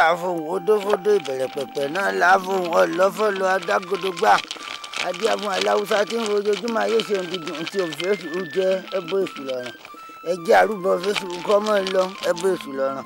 làáfóhùn ódófódó ìbẹ̀rẹ̀ pẹ̀pẹ̀ náà làáfóhùn ọlọ́fọ́lọ́ adágódógbà adíàfún aláwùsá tí ń rojoojúmọ́ ayé ṣe òǹdíjì tí òfin jẹ́ ẹbọ èṣù lọ́rùn ẹjẹ́ àrúbọ fésù kọ́mọ́ lọ ẹbọ èṣù lọ́rùn.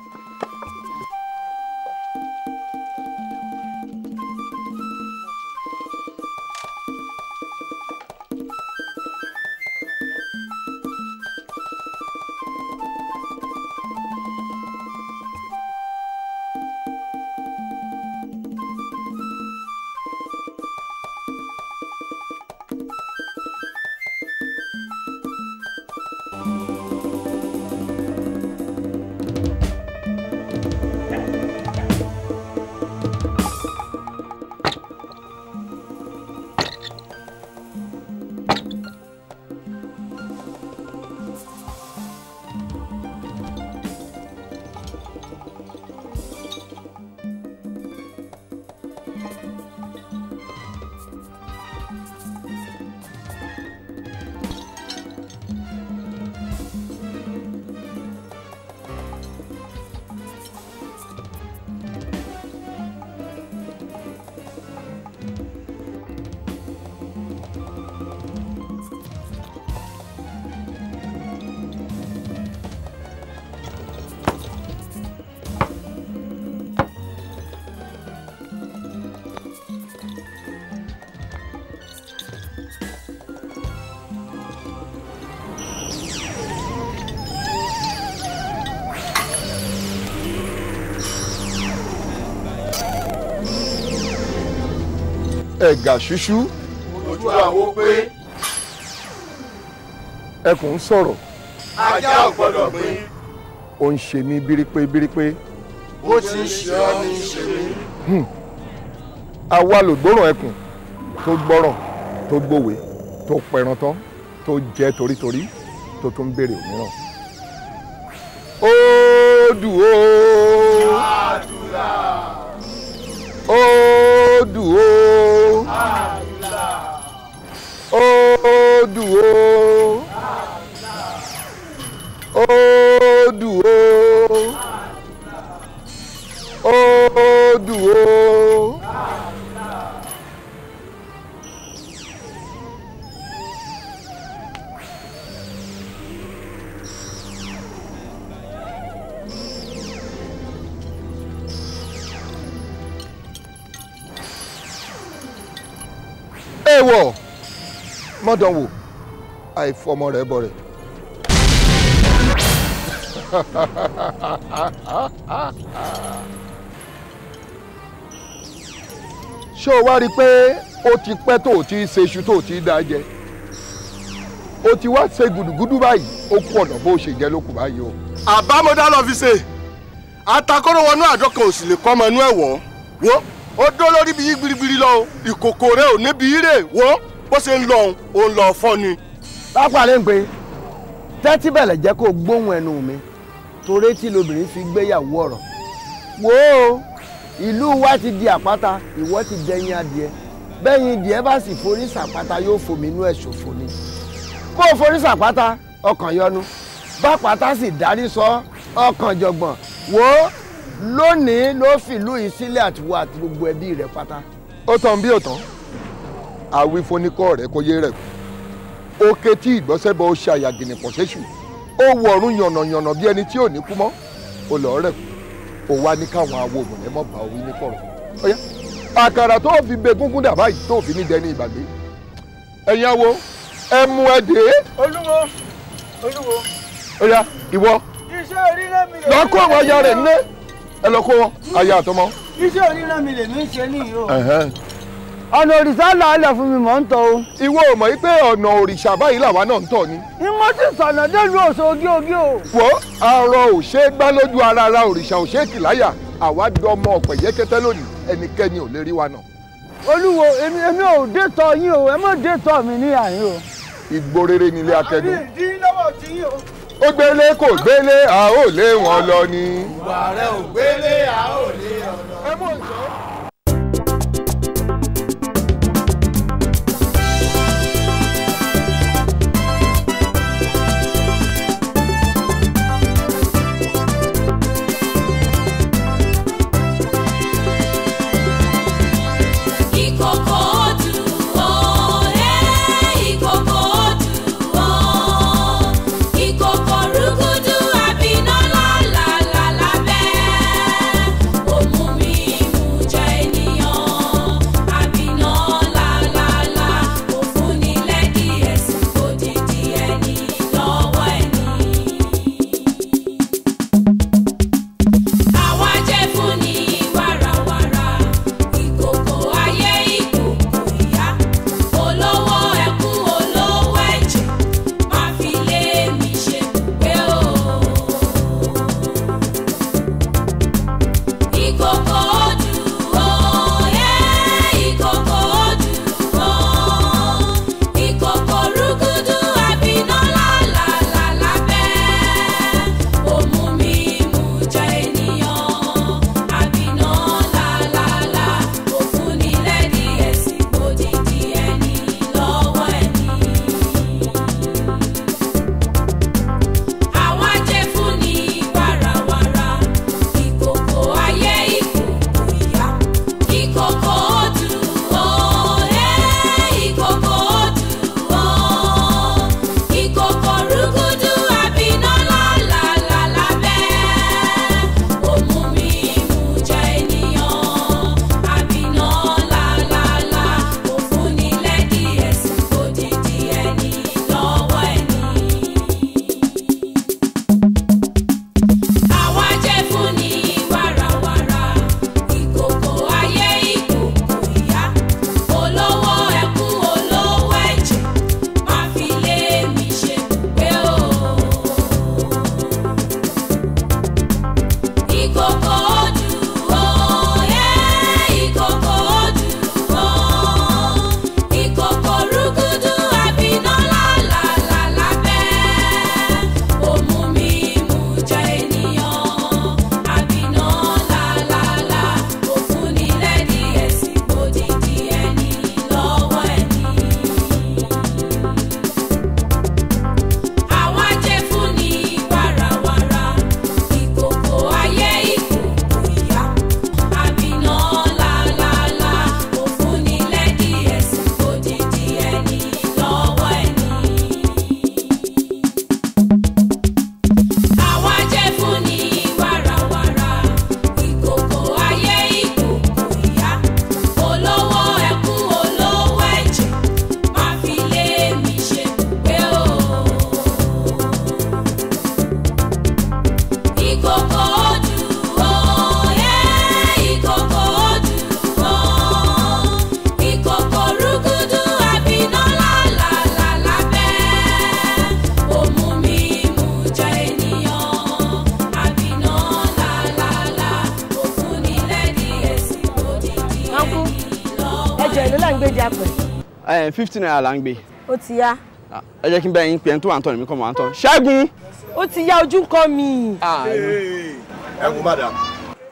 ẹ̀gà ṣíṣú. ojú àwo pé. ẹkùn ń sọ̀rọ̀. ajá ò gbọ́dọ̀ gbé. ó ń ṣe mí bírípé bírípé. bó ti ń ṣe ọ́ ni ń ṣe mí. àwa hmm. ló gbọ́ràn ẹkùn tó gbọ́ràn tó gbòwe tó pẹran tó jẹ́ torítorí tó tún béèrè òmíràn. ó dùn ó. mọ́dànwò àìfọmọ rẹ̀ bọ̀ rẹ̀. ṣé o wá rí i pé ó ti pẹ́ tó o ti ṣe iṣu tó o ti dá jẹ o ti wá ṣe gùdùgùdù báyìí ó kú ọ̀nà bó ṣe jẹ́ lókùn báyìí o. àbámọ́dá lọ fi ṣe atakọ́rọ̀ wọnú àjọ kan ò sì lè kọ́ ọmọ inú ẹ̀ wọ́ wo ó dó lórí bí yí gbirigbiri lọ ìkòkò rẹ ò níbi ire wọ́ bó ṣe ń lọ òun òun lọ fọ́ ni. lápá lè ń pe tẹ́tí bẹ̀lẹ̀ jẹ́ kó gbóhùn ẹnu mi torí tí lobìnrin fi gbéyàwó ọ̀rọ̀ wò ó ìlú wa ti di àpáta ìwọ ti dẹyin adìẹ bẹ́yìn ìdíẹ̀ bá sì forí sàpáta yóò fòmí inú ẹ̀ ṣòfò ni bó forí sàpáta ọkàn yọnu bá pátá sì darí sọ ọkàn jọgbọ̀n wò ó lónìí ló fìlú yìí sílẹ̀ àtiwọ́ àti gbogbo ẹbí rẹ̀ pátá. ó tán bí ó tán àwí fóníkọ́ rẹ̀ kó yé rẹ̀ kú òkè tí ìgbọ́sẹ̀bọ ó ṣe àyàgìnì pọ̀ṣẹ́ṣù ó wọ ọ̀run yànnàyànnà bí ẹni tí ò ní kú mọ́ ó lọ rẹ̀ kú ó wá ní káwọn awo òmùlẹ̀ mọ́ bá òwe ní kọ̀rọ̀ ọ̀yá àkàrà tó fi be gúngún dà báyìí tó fi ní dẹni ìgbàgbé ẹ̀yin awo ẹ mú ẹ dé. olúwo olúwo. ọ̀yá ìwọ iṣẹ́ orílẹ̀ mi lè. lọ kó àwọn aya rẹ̀ nílé ẹ lọ kó wọn àtọmọ. iṣẹ́ orílẹ̀ mi lè mí ṣe nìyí o ọ̀nà òrìṣà làálẹ̀ fún mi mọ̀ ń tọ́ o. ìwọ ò mọ̀ pé ọ̀nà òrìṣà báyìí làwa náà ń tọ̀ ni. ni mo sì sọ̀nà délùú òṣò ogíogí o. wo arọ ò ṣe é gbá lójú ara ara òrìṣà ò ṣe é kìláyà àwa dọmọ ọ̀pẹ̀ yẹ́kẹ́tẹ́ lónìí ẹnikẹ́ni ò lè rí wa náà. olúwo èmi èmi ò dé tọ yín o ẹ mọ̀ dé tọ mi ní àyín o. ìgbó rere nílé akẹ́dùn. ó gbélé kò gbélé a ò lé wọn lọ ni. ìwà rẹ ò gbélé a ò lé ọ lọ. ẹ mọ̀ ìṣó. Eh, Fifteen naira là ń gbé. ó ti yá. Ah, ẹ jẹ́ kí n bẹ́ẹ̀ yín pé ẹni tó wà ń tọ́ ni mi kọ́ mọ̀ wá ń tọ́. ṣẹ́gun. ó ti yá ojú kọ́ mi. Ah, ẹ wo madam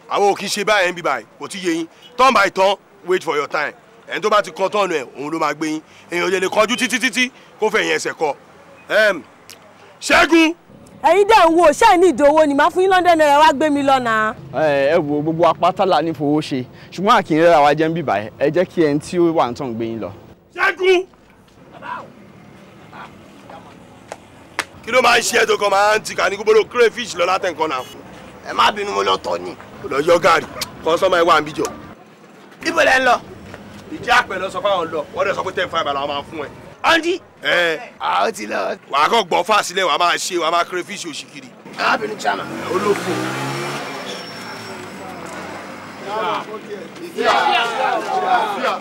àwọn ò kì í ṣe báyẹn ń bí báyìí kò tí yé yín turn by turn wait for your time ẹni tó bá ti kan tọ́ọ̀nù ẹ̀ òun ló máa gbé yín èèyàn lè lè kọjú títí títí kó fẹ́ yẹn ẹsẹ̀ kọ. ṣẹ́gun. ẹ̀yin dẹ̀ ń wo ṣẹ́ ní ìdòwò ni màá fún yín London naira wá gbé mi lọ́nà. Eh, ẹ wo gbogbo apátálà ní fowó ṣe ṣùgbọ́n àkìnrẹ́ra wa jẹ́ ń bíbà ẹ jẹ́ kí ẹni tí ó wà ń tàn gbé yín lọ. máa ń ṣe ẹ́ tó kàn máa ń tì ká ní kó crayfish lọ látẹ̀kọ́ náà. ẹ má bínú mo lọ tọ̀ ni. kò lọ yọ gàrí kan sọ́mọ ẹ wà ń bíjọ. ibo lẹ ń lọ. ìjà àpẹ lọ sọ fáwọn lọ wọ́n dẹ̀ sọ pé ten five àlọ́ máa fún ẹ. ọ̀ndí. ẹ àwọn ti lọ. wà á kàn gbọ́ fàṣílẹ̀ wà á máa ṣe wà á máa crayfish òṣìkiri. ẹ má bínú chama. olófò. ìfíà ìfíà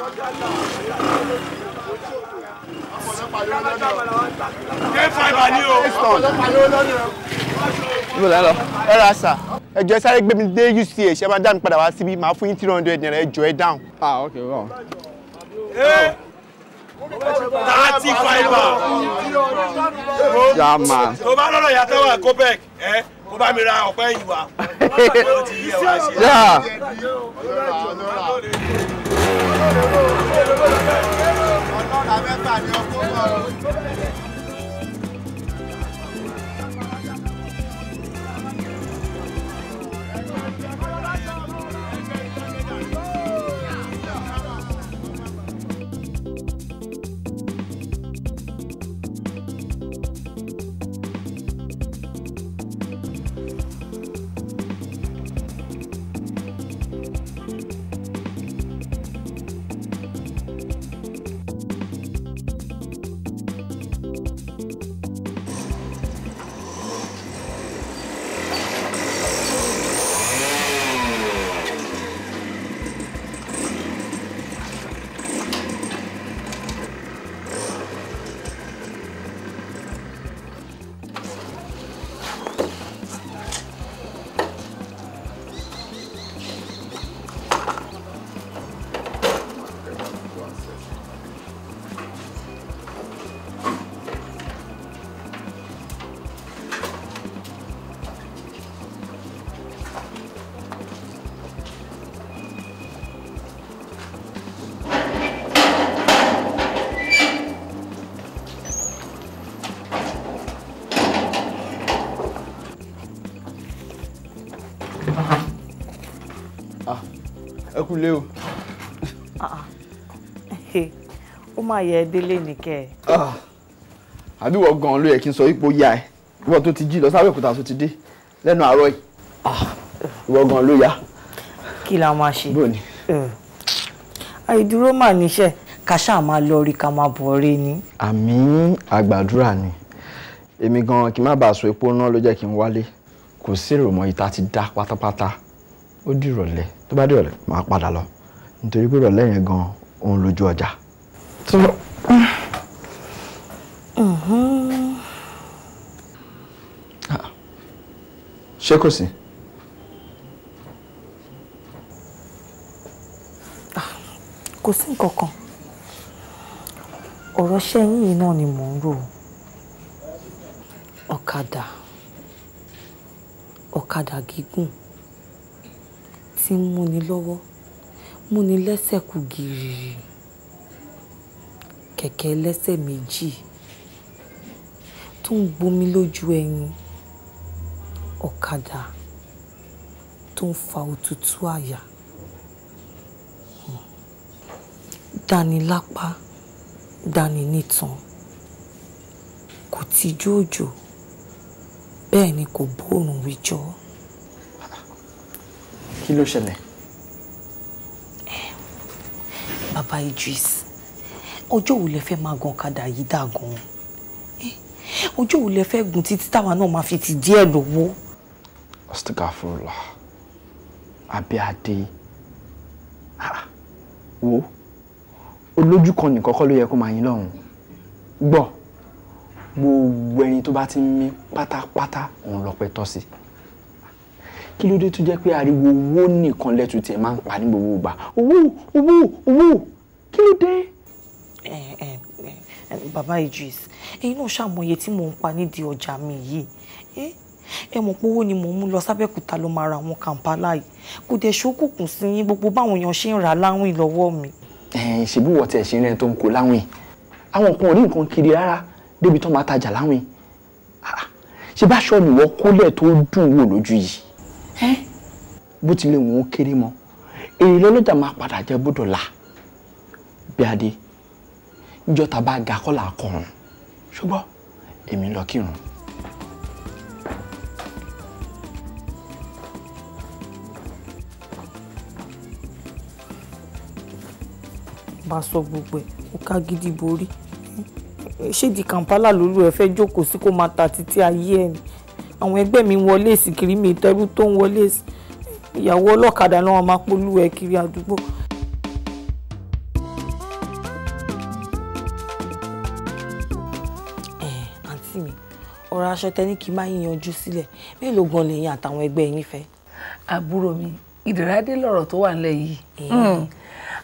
ìfíà níbo la lọ ẹ ra sà ẹ jọ̀ọ́ ẹ sáré gbé mi dé uch ẹ máa dá mi padà wá síbí màá fún yín three hundred naira ẹ jọ̀ọ́ ẹ dáhùn. ah ok wow. thirty five hours. ya man. tó bá lọ́nà yàtọ̀ wà Kopek ẹ kó bá mi ra ọ̀pẹ yìí wá. Yeah mẹ́ta mẹ́ta ni ọkọ̀ kú lé o. Ah, ah. ó máa yẹ ẹ délé ah, nìkẹ́. àbí wọ́n gan-an ló yẹ kí n sọ ipò ya ẹ̀ wọ́n tó ti jí lọ sábẹ́òkúta tó ti dé lẹ́nu àárọ̀ yìí wọ́n gan-an ló ya. kí la máa ṣe. bóni. àìdúró mà níṣẹ́ ká ṣáà máa lọ rí ká máa bọ̀ rí ni. àmì àgbàdúrà ni èmi gan-an kí n má bàa so epo náà ló jẹ́ kí n wálé kò sí èrò mọ́ ìta ti dá pátápátá ó dìrọ̀lẹ́ tó bá dìrọ̀lẹ́ máa padà lọ nítorí pé ìrọ̀lẹ́ yẹn gan òun lójú ọjà. so. Ah. ṣé kò sí. Ah, kò sí nǹkan kan ọ̀rọ̀ ṣẹ́yìn yìí náà ni mò ń rò ọ̀kadà ọ̀kadà gígùn tí ń múni lọ́wọ́ múni lẹ́sẹ̀ kù gìrì kẹ̀kẹ́ ẹlẹ́sẹ̀ méjì tó ń gbomi lójú ẹyin ọ̀kadà tó ń fa òtútù àyà dání lápá dání nítan kò tijú òjò bẹ́ẹ̀ ni kò bóòrùn wíjọ́ kí ló ṣẹlẹ̀. bàbá Idris ọjọ́ wo lẹ fẹ́ máa gan ọ̀kadà yìí dà gan eh, ọjọ́ wo lẹ fẹ́ gùn títí táwa náà máa fi ti díẹ̀ lọ́wọ́. astagafurula abíadé wo olójú kan nìkan kọ́ ló yẹ kó máa yín lọ́rùn gbọ́ gbogbo ẹni tó bá ti ń mí pátápátá òun lọ́pẹ́ tọ́ sí i kí ló dé tó jẹ́ pé ariwo owó nìkan lẹ́tù tẹ̀ máa ń pa ní gbogbo ìgbà owó owó owó kí ló dé. ẹ ẹ ẹ bàbá Idris ẹ̀yin náà ṣàmọye tí mò ń pa nídìí ọjà mi yìí ẹ mọ̀ pé owó ni mò ń mú lọ sábẹ́kúta ló máa ra àwọn kàǹpálà yìí kò dẹ̀ ṣókùnkùn sí yín gbogbo báwọn èèyàn ṣe ń rà láwìn lọ́wọ́ mi. ṣèbí tẹ̀ ṣe ń tó ń kó láwìn àwọn kan ò rí nǹkan kiri rárá débi tó máa tajà láwìn ah, ṣe bá ṣọ́ọ̀nù wọ́n kólẹ̀ tó dùn wò lójú yìí bó tilẹ̀ wọ́n ó kéré mọ́ èrè lọ́lọ́jà máa padà jẹ́ gbọ́dọ̀ la bí adé níjọ́ ta bá ga kọ́là kọrùn ṣùgbọ́n èmi lọ kírun. bá sọ gbogbo ẹ̀ ó ká gidi borí ṣéèdì Kampala lólu ẹ̀ fẹ́ jókòó sí kó máa ta títí ayé ẹ̀ ni àwọn ẹgbẹ́ mi ń wọlé sí kiri mi ìtẹ́rú tó ń wọlé sí ìyàwó ọlọ́kadà lọ́wọ́ máa polú ẹ kiri àdúgbò. àǹtí mi ọ̀rọ̀ aṣọ tẹ́ni kì í máa yíyanjú sílẹ̀ mélòó gan lẹ́yìn àtàwọn ẹgbẹ́ yín fẹ́. àbúrò mi ìdìrádé lọ̀rọ̀ tó wà nílẹ̀ yìí hmm.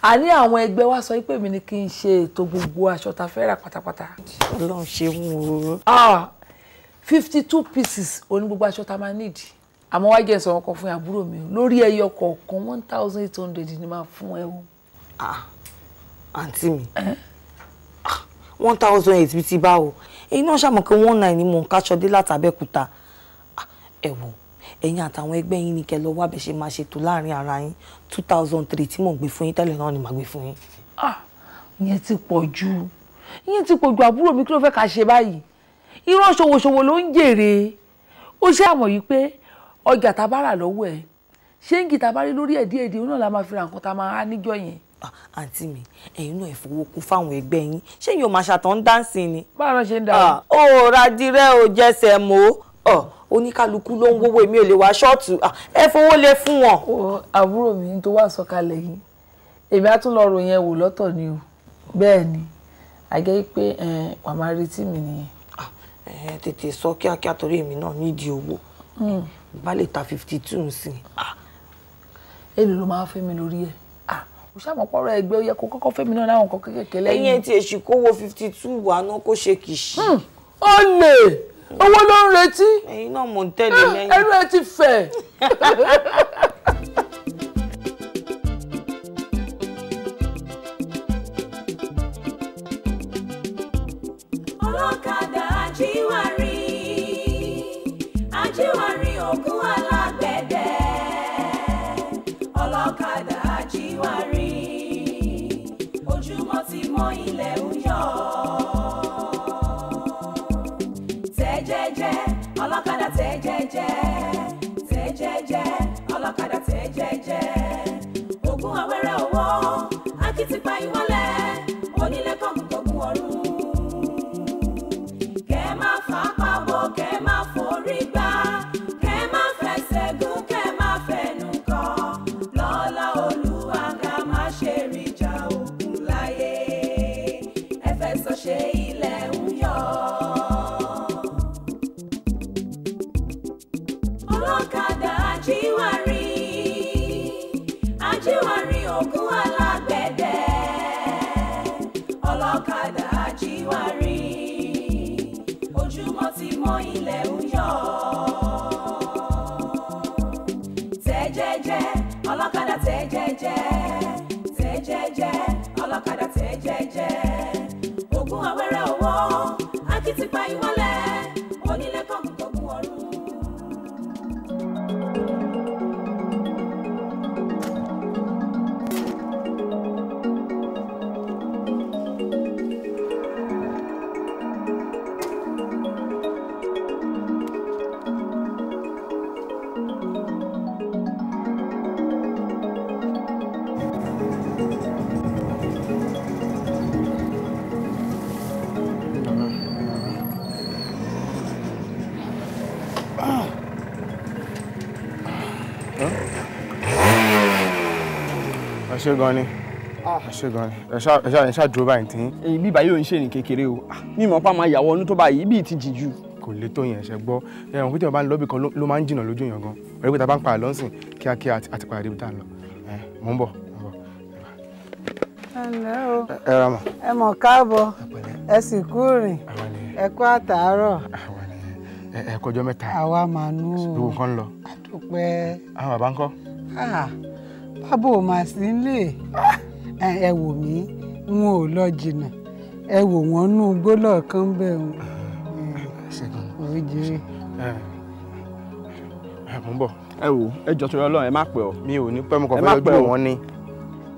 a ní àwọn ẹgbẹ́ wa sọ pé mi ni kí n ṣe ètò gbogbo aṣọ ta fẹ́ rà pátápátá. ọlọ́run ṣe ń wo. Ah, fifty two pieces oní gbogbo aṣọ tá a máa níìdì àmọ́ wá jẹ́ sọ̀rọ̀ kan fún àbúrò mi lórí ẹyọ kọ̀ọ̀kan one thousand eight hundred ni máa fún ẹ o. Ah, àǹtí mi ah, one thousand eight bíi ti báwo èyí náà ṣàmọ̀ pé one nine ni mò ń káṣọ dé látàbẹ́kúta ah, ẹ wò ẹ̀yin àtàwọn ẹgbẹ́ yín ni kẹ́ lọ wá bẹ̀ ṣe máa ṣètò láàrin ara yín two thousand three tí mò ń gbé fún yín tẹ́lẹ̀ náà ni màá gbé fún yín. ìyẹn ti pọ̀ jù ìyẹn ti pọ̀ jù àbúrò mi kí ló fẹ́ ká ṣe báyìí irọ́ ṣòwòṣòwò ló ń jèrè ó ṣe àmọ̀ yìí pé ọjà tá a bá rà lọ́wọ́ ẹ̀ ṣé ń kì tá a bá rí lórí ẹ̀ díẹ̀ díẹ̀ náà la máa fi ra nǹkan tá a máa níjọ́ yẹn. Ah, àǹtí mi ẹ̀yin náà ẹ fowó kún fáwọn ẹgbẹ́ yín ṣé yóò máa ṣàtàn dáǹsì ni. báwo ló ṣe ń dára. Ah, ó radìrẹ́ ò jẹsẹ̀ mọ́ ọ ah, oníkálukú ló ń wówó èmi ò lè wá ṣọ́ọ̀tù ẹ fowó lé fún wọn. àbúrò mi tó wà sọ̀kalẹ̀ yìí èmi á tún lọ ròyìn ẹ̀wò lọ́tọ̀ ni o bẹ́ẹ̀ ni àgẹ́ pé wàá máa retí mi nìyẹn. Eh, tètè sọ kíákíá torí èmi náà nídìí owó hmm. bá lè ta fifty two sí i. Ah. èlò ló máa fẹ́ mi lórí ẹ̀ kò ah, sáà mọ̀ pọ̀rọ̀ ẹgbẹ́ ó yẹ kó kọ́kọ́ fẹ́mi náà láwọn nǹkan kéékèèké lẹ́yìn. ẹyin ti èsì kówó fifty two wà ná kó ṣe kìsì. Hmm, ó lè owó ló ń retí. ẹyin náà mò ń tẹ̀lé ah, lẹ́yìn. ẹnu ẹ ti fẹ̀. ọlọ́kadà tẹ́ jẹ́jẹ́ ogun àwẹ́rẹ́ ọwọ́ akitipa ìwọ́lọ́. jẹ́jẹ́ tẹ̀ jẹ́jẹ́ ọlọ́kadà tẹ̀ jẹ́jẹ́ ògùn àwẹ́rẹ́ owó akitipa ìwọlẹ̀. ẹ ah, ṣe gan ni ẹ ṣe gan ni ẹ ṣá ẹ ṣá dúró báyìí tí. ibi ìbáyé òun ṣe ní kékeré o ní ah, ìmọ̀ pa máa yàwọ̀ ọdún tó báyìí ibi ìtì jì jù. kò lè tó yẹn ṣe gbọ́ ẹ̀rọ pété ọba ń lọ́bì kan ló máa ń jìnnà lójú yẹn gan ọ̀rẹ́ pété ọba ń pa àlọ́ sìn kíákíá àti padà débi tá a lọ mò ń bọ̀ mò ń bọ̀. ẹ ra mọ. ẹ mọ̀ káàbọ̀ ẹ sì kú rìn ẹ kú àtàárọ̀. ẹ kọjọ mẹ́ta. àwa mànú. gbogbo nǹkan lọ. àdúpẹ́. àwọn bàbá ńkọ́. Ah, bábò máa sí nílé ẹ wò mí n ò lọ jìnnà ẹ wò nú kan bẹ o òjèrè. ẹ bọ̀ ẹ wò ẹ jọ ẹ má pẹ́ ọ. mi ò ní pẹ́ mo kàn fẹ́ lọ́jọ́ wọn ni.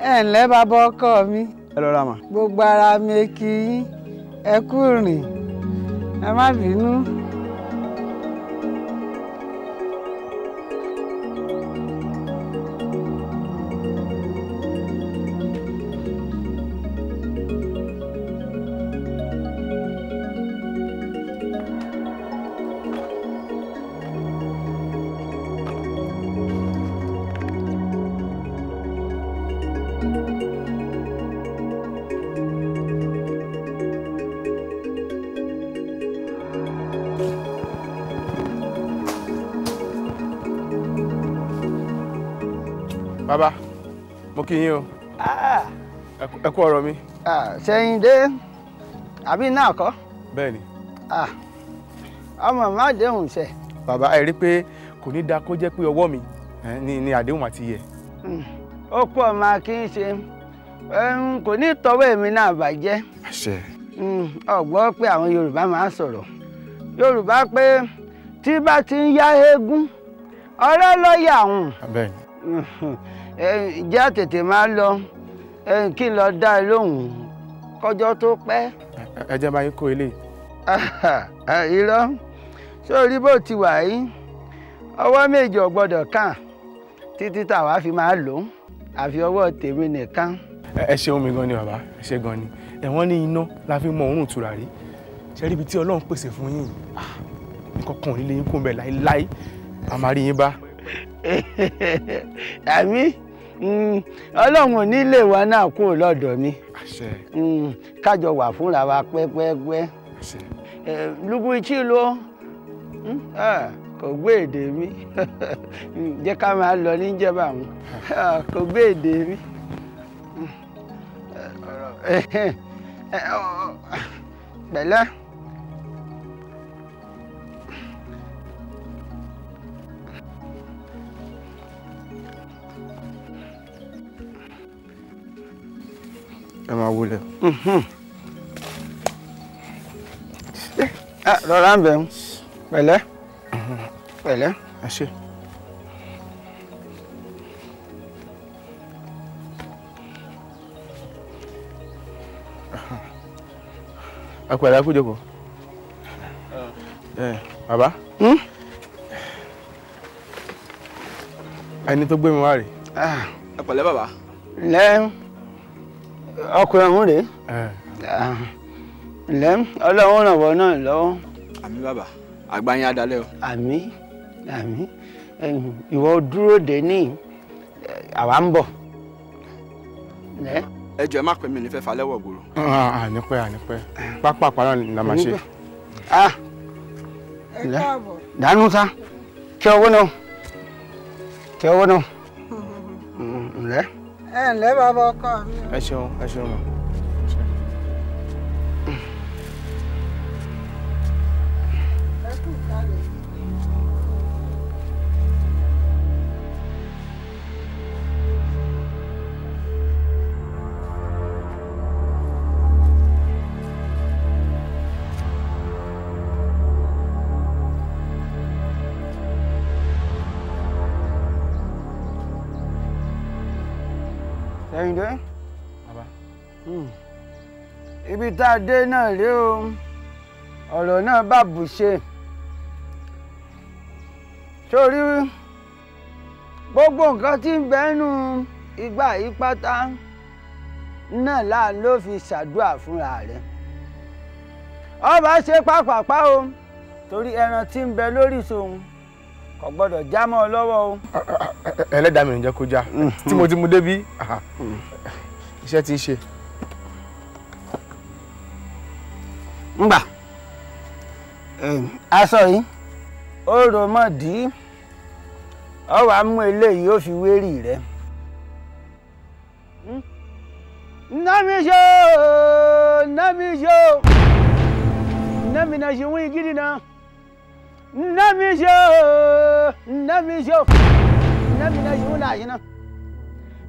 ẹ ǹlẹ́ bàbá ọkọ mi. ẹ lọ́ra mà. gbogbo ara mi kì í ẹ kú rìn kí yín o ah. ẹ kú ọ̀rọ̀ mi. sẹ́yìn ah, dé àbí náà kọ́. bẹ́ẹ̀ ah, ọmọ má déhùn sẹ. bàbá ẹ rí pé kò ní dáa kó jẹ́ pé ọwọ́ mi ni àdéhùn àti yẹ. Hmm. ó pọ̀ máa kí n ṣe kò ní tọwọ́ èmi náà bàjẹ́. àṣẹ. ọ̀gbọ́n hmm, pé àwọn yorùbá máa ń sọ̀rọ̀ yorùbá pé tí bá ti ń yá eégún ọ̀rẹ́ lọ́ọ̀yà àwọn. bẹ́ẹ̀ ni. Hmm, jẹ́ àtètè máa lọ kí n lọ dá ẹ lóhùn kọjọ́ tó pẹ́. ẹ jẹ́ bá yín kó ilé. irọ́ sórí bó ti wà yìí ọwọ́ méjì ò gbọ́dọ̀ kàn títí tàwa fi máa lò ó àfi ọwọ́ tèmi nìkan. ẹ ṣeun mi gan ni bàbá ẹ ṣe gan ni ẹ̀wọ́n ní iná la fi mọ òórùn tùràrí ṣe rí ibi tí ọlọ́run pèsè fún yín nǹkan kan yín kó ń bẹ̀ láéláé àmàrí yín bá. àmín. Mm, ọlọ́run ò ní lè wá náà kúrò lọ́dọ̀ mi mm, kájọ wà fúnra wa pẹ́pẹ́pẹ́ lubuichi ló mm, kò gbé èdè mi jẹ́ ká máa lọ níjẹba àwọn kò gbé èdè mi. pẹ̀lẹ́. ẹ máa wọlé. Mhm. Ah, rọra ń bẹ̀ ń pẹ̀lẹ́ pẹ̀lẹ́. ẹ ṣe. ẹ pẹ̀lẹ́ ẹ kú jókòó. Eh. Eh, bàbá hmm? ẹni tó gbé mi wá rèé. Ah, ẹ pẹ̀lẹ́ bàbá. lẹ́yìn. ọkùnrin ọ̀hún rèé ah. ǹlẹ́ ọlọ́run náà lọ́wọ́. àmì bàbá o. dúró dé ní ń bọ̀. ẹ ẹ má pè mí wọ̀ gbòòrò. Ah, ah, dànù kí ọwọ́ náà kí ọwọ́ náà hmm. mm, ẹ ǹlẹ́ bàbá ọkọ mi. ẹ ṣeun ẹ ṣeun mọ. ẹ kú ìkàlẹ̀. Àyìndé. Bàbá. Hmm. Ibi tá a dé náà rèé o, ọ̀rọ̀ náà bá bù ṣe. Sórí gbogbo nǹkan tí ń bẹ́nu ìgbà yìí pátá náà láà ló fi ṣàdúrà fúnra rẹ̀. Ọba ṣe pápápá o, torí ẹran tí ń bẹ lórí sòun kò gbọ́dọ̀ já mọ́ ọ lọ́wọ́ o. ẹlẹ́dàá mi ò ń jẹ́ kó já tí mo ti mú débí iṣẹ́ ti ń ṣe. ngbà aṣọ yìí ó rò mọ́ dí ọ wàá mú eléyìí ó fi wérì rẹ. namijo namijo namina ṣe wọ́n igi nínú. Nami jo, nami jo, nami na jumla jina.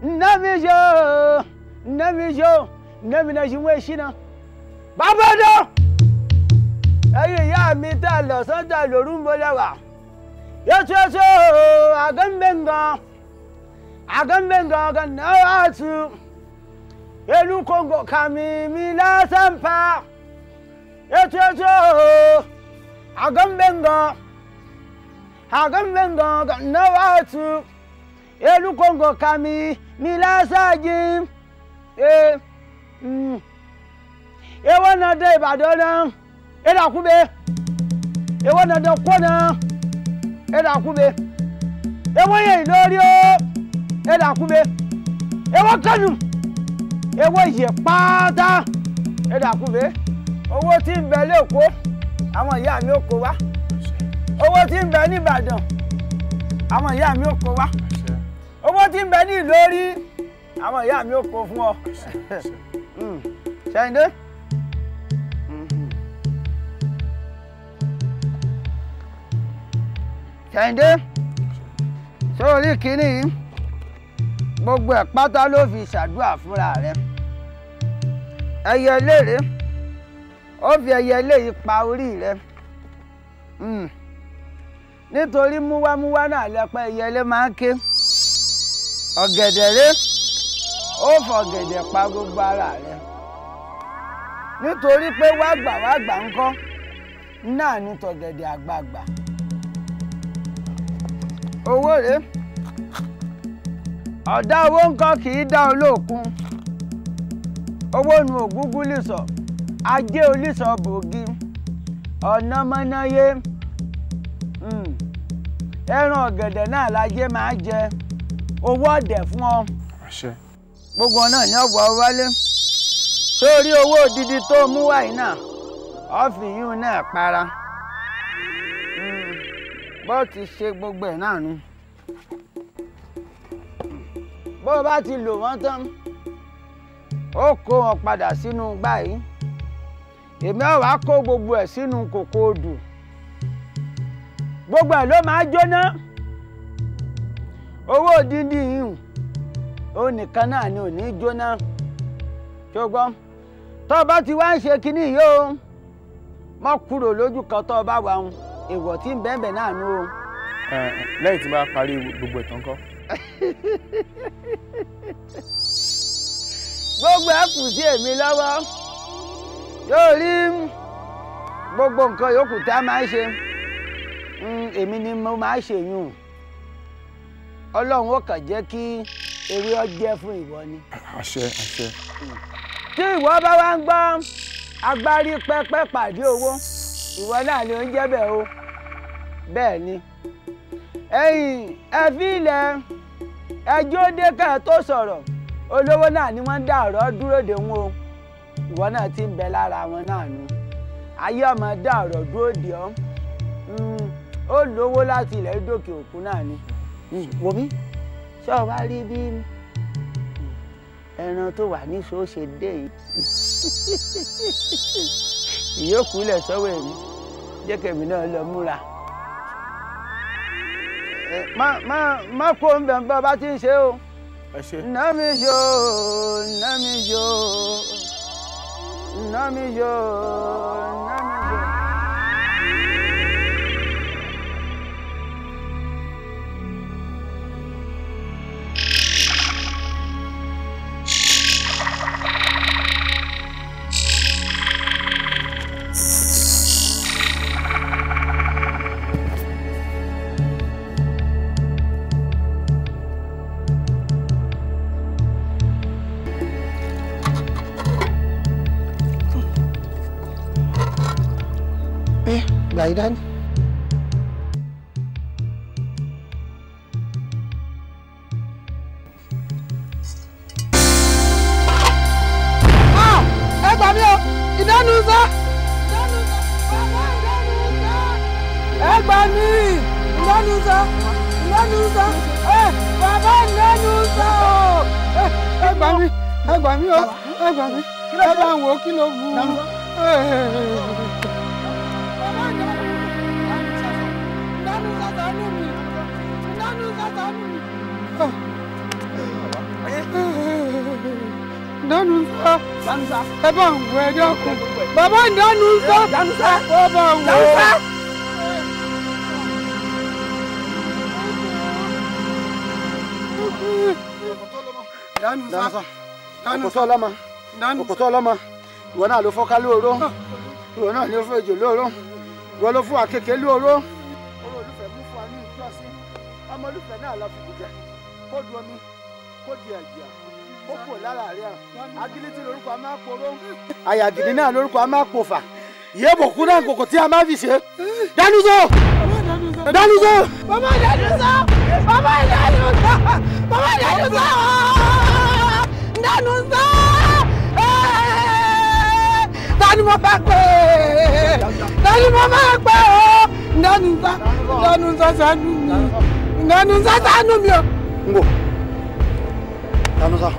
Nami jo, nami jo, nami na jumla jina. Bàbá dọ̀! Ẹyin ìyá mi tà lọ sọ́jà lòrú ń bọ́lẹ̀ wá. Yẹ́tú ẹ̀tú àgánbẹ̀ngàn, àgánbẹ̀ngàn kan náà wá tu. Elu kóńgò kami mi lásán pa. Yẹ́tú ẹ̀tú. hagan benga hagan benga ga nawatu elu kongo kami milasaji e mm ewo na de Ìbàdàn e da kube ewo na de ko e da kube ewo ye lórí o e da kube ewo Kánò ewo ye e pátá e da kube owó tí ń àwọn ìyá mi ò kó wá owó tí ń bẹ ní Ìbàdàn àwọn ìyá mi ò kó wá owó tí ń bẹ ní Ìlọrí àwọn ìyá mi ò kó fún ọ hmm. ṣẹ́yìndé. ṣẹ́yìndé sórí kínní yìí gbogbo ẹ̀ pátá ló fi ṣàdúrà fúnra rẹ̀ ẹyẹ léèrè. ó fi ẹyẹ eléyìí pa orí rẹ hmm. nítorí múwámúwá náà lẹ́pẹ́ ẹyẹlé máa ń ké ọ̀gẹ̀dẹ̀ rẹ ó fọ̀gẹ̀dẹ̀ pa gbogbo ara rẹ nítorí pé wágbà wágbà ńkọ́ náà ní tọ̀gẹ̀dẹ̀ àgbààgbà owó rèé ọ̀dá owó ńkọ́ kì í dá olóòkun owó nu ògúngún lè sọ. So. ajé olùsọ̀bògì ọ̀nà mọ́náyé hmm. ẹran ọ̀gẹ̀dẹ̀ náà lajé máa jẹ owó ọ̀dẹ̀ fún ọ. gbogbo náà ní ọ̀bọ̀ wálé sórí owó òdìdí tó mú wáyé náà ọ̀fì náà para hmm. bó ti ṣe gbogbo ẹ̀ náà nu bó bá ti lò wọ́n tán ó kó wọn padà sínú gbá èmi ọ̀ wá gbogbo ẹ̀ sínú kòkó gbogbo ẹ̀ ló máa jóná owó òdìndí yìí ó nìkan náà ni ò ní jóná tó gbọ́ bá ti wá ń ṣe kinní yìí o mọ́ kúrò lójú kan tó bá wà ń tí o. lẹ́yìn tí parí gbogbo ẹ̀ gbogbo ẹ̀ kù sí torí gbogbo nǹkan yòókù tá a máa ń ṣe hmm, èmi ni mo máa ń ṣèyún ọlọ́run ó kàn jẹ́ kí ewé ọjẹ́ fún ìwọ ni. àṣẹ àṣẹ. tí ìwọ bá wá ń gbọ́ agbárí pẹ́pẹ́ pàdé owó ìwọ náà ni ó ń jẹ́ bẹ́ẹ̀ o bẹ́ẹ̀ ni ẹ̀yìn ẹ fi ilẹ̀ ẹjọ́ dé ká tó sọ̀rọ̀ olówó náà ni wọ́n ń dá ọ̀rọ̀ dúró de wọn o. ìwọ náà ti ń bẹ lára wọn náà nu ayé ọmọ dá ọ̀rọ̀ dúró dì ọ́ hmm, ó lówó láti ilẹ̀ dókè òkun náà ni hmm, wò mí ṣé o wá rí bí ẹran tó wà ní ṣó ṣe dé yìí ìyókù ilẹ̀ sọ́wọ́ èmi jẹ́kẹ̀mí náà lọ múra má má má kó ń bẹ̀ ń bá bá ti ń ṣe o. ẹ ṣe. nami yo nami yo. Nami yo, nami yo. Hey, Leiden. Ah, ẹ gbà mí o ìdánù sá. ẹ gbà mí ìdánù sá ìdánù sá ẹ bàbá ìdánù sá o. ẹ gbà mí Hey, gbà mí o ẹ gbà hey, ẹ hey, ń wo kí ló bu. dánú sá ẹ bá ń wọ ẹjọ́ kan bàbá dánú sá ó bá ń wọ ọ. dánú sá òkòtò ọlọ́mọ òkòtò ọlọ́mọ ìwọ náà ló fọ́ká lóoró ah. ìwọ náà ló fọ́ ejò lóoró ìwọ ló fún wa kékeré lóoró. olùfẹ́ mú fún wa ní ìjọ́sí ọmọlúfẹ́ náà lọ fi bùjẹ́ kó du omi kó di ẹ̀jẹ̀ kó kò lára rẹ̀ agiliti lórúkọ a máa poró àyàgìdì náà lórúkọ a máa pòfà yéèbò kú náà kòkò tí a máa fi ṣe dánúzọ dánúzọ. bàbá dánúzọ bàbá dánúzọ bàbá dánúzọ dánúzọ dánú mo bá pè é dánú mo bá pè é dánúzọ dánúzọ sánú mi dánúzọ sánú mi o ngo danuza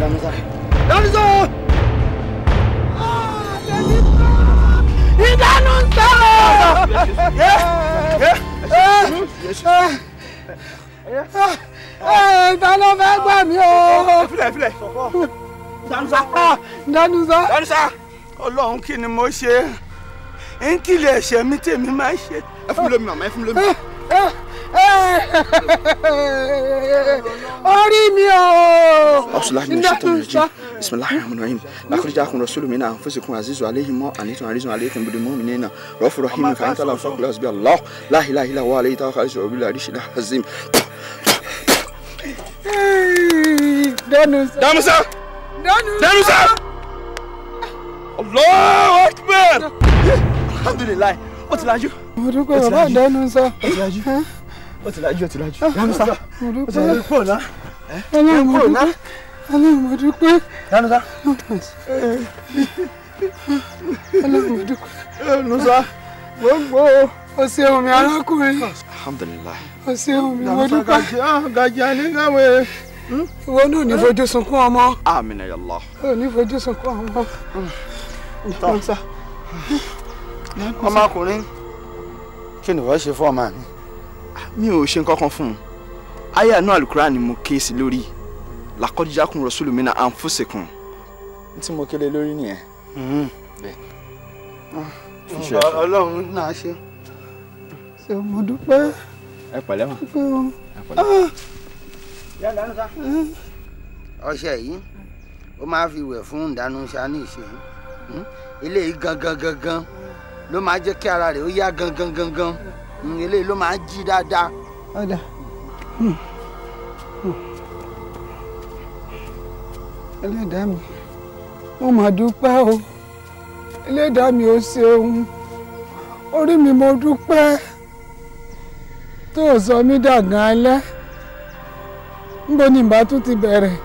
danuza danuza idanuza ìdáná fẹ́ gbà mí o. filẹ̀ filẹ̀ danuza ah, danuza kí ni mo ṣe n kí lè ṣe tèmi máa ṣe. ẹ fún mi lómi màmá ẹ fún mi lómi. Ah, ah orí mi o. ọ̀ṣunlá mi ṣètò mi jí bisimilahi rahman rahim lakuri jaakun rasulu mi naa azizu alehi mọ anitun arizun aleikun bidi mu minina rọfu rahim fayintala fọkulas bi allah lahilahila wa aleyi tawa kaisi obìnrin arishila azim. Danusa. Danusa. Danusa. Allahu akbar. Alhamdulillah. Ó ti lajú. Mo dúpẹ́ bàbá Danusa. Ó ti lajú ó ti lajú ó ti lajú ah, yanusa ó ti lajú kúrò náà ẹ kúrò náà. ọlọ́run mo dúpẹ́. yanusa. ọlọ́run mo dúpẹ́. yanusa mo gbó o ṣeun mi arákùnrin. alhamdulillah. o ṣeun mi mo dúpẹ́. gàjà ah, ní káwé. Hmm? ìwọ náà ní eh? fojú sunkún ọmọ. amina yàlla. o ní fojú sunkún ọmọ. yanusa. ọmọkùnrin kí ni wọ́n ṣe fún ọmọ mi mi ò ṣe nǹkan kan fún un aya náà alukura ni mo ké sí lórí làkọ́jíjákun rọ́sùlù mi náà à ń fòsèkùn tí mo kéde lórí nìyẹn. Hmm. Ah, ọlọ́run náà ṣe ṣe mo dúpẹ́. ẹ pẹ̀lẹ́ mọ̀ ẹ pẹ̀lẹ́. yàrá ń sá. ọṣẹ yìí ó máa fi wẹ̀ fún ìdánúṣà ní ìṣèlú hmm. eléyìí gangan gangan ló máa jẹ́ kí ara rẹ̀ ó yá gangan gangan eléyìí ló máa ń jí dáadáa. ọ̀dà hmm. Hmm. ẹlẹ́dàá mi mo mà dúpẹ́ o ẹlẹ́dàá mi ò ṣeun orí mi mo dúpẹ́ tó o sọ mí dàgàn alẹ́ níbo ni ìbá tún ti bẹ̀rẹ̀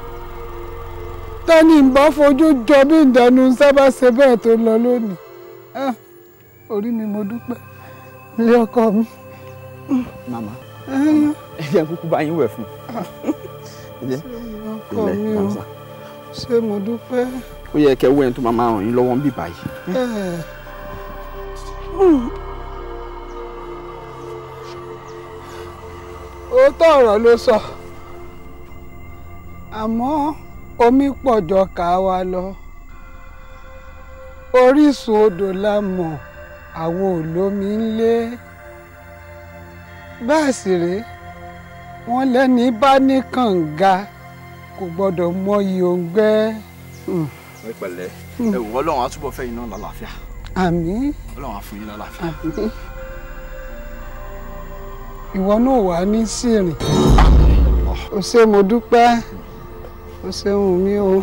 ta ni ìbá fojú jọ bí ìdánù sábà ṣe bẹ́ẹ̀ tó lọ lónìí orí mi mo dúpẹ́ ilé ọkọ mi. màmá ẹ jẹ́ kúkú bá yín wẹ̀ fún un. Ah. ọkọ mi o ṣé mo dúpẹ́. ó yẹ kẹ́ wẹ́n tó máa máa ràn yín lọ́wọ́ ń bì báyìí. Eh. òótọ́ ọ̀rọ̀ ló sọ àmọ́ omi pọ̀jọ kà wa lọ orísun odò la mọ̀ àwọn olómi ń lé bẹ́ẹ̀ sì rèé wọ́n lẹ́ni bá ní kànga kò gbọ́dọ̀ mọyì òǹgbẹ́. Hmm. ẹ pẹ̀lẹ́ hmm. ẹ wò Ọlọ́run á túbọ̀ fẹ́ yín náà lálàáfíà. àmín. Ọlọ́run á fún yín lálàáfíà. ìwọ náà wà ní sírìn. o ṣé mo dúpẹ́ o ṣeun mi o.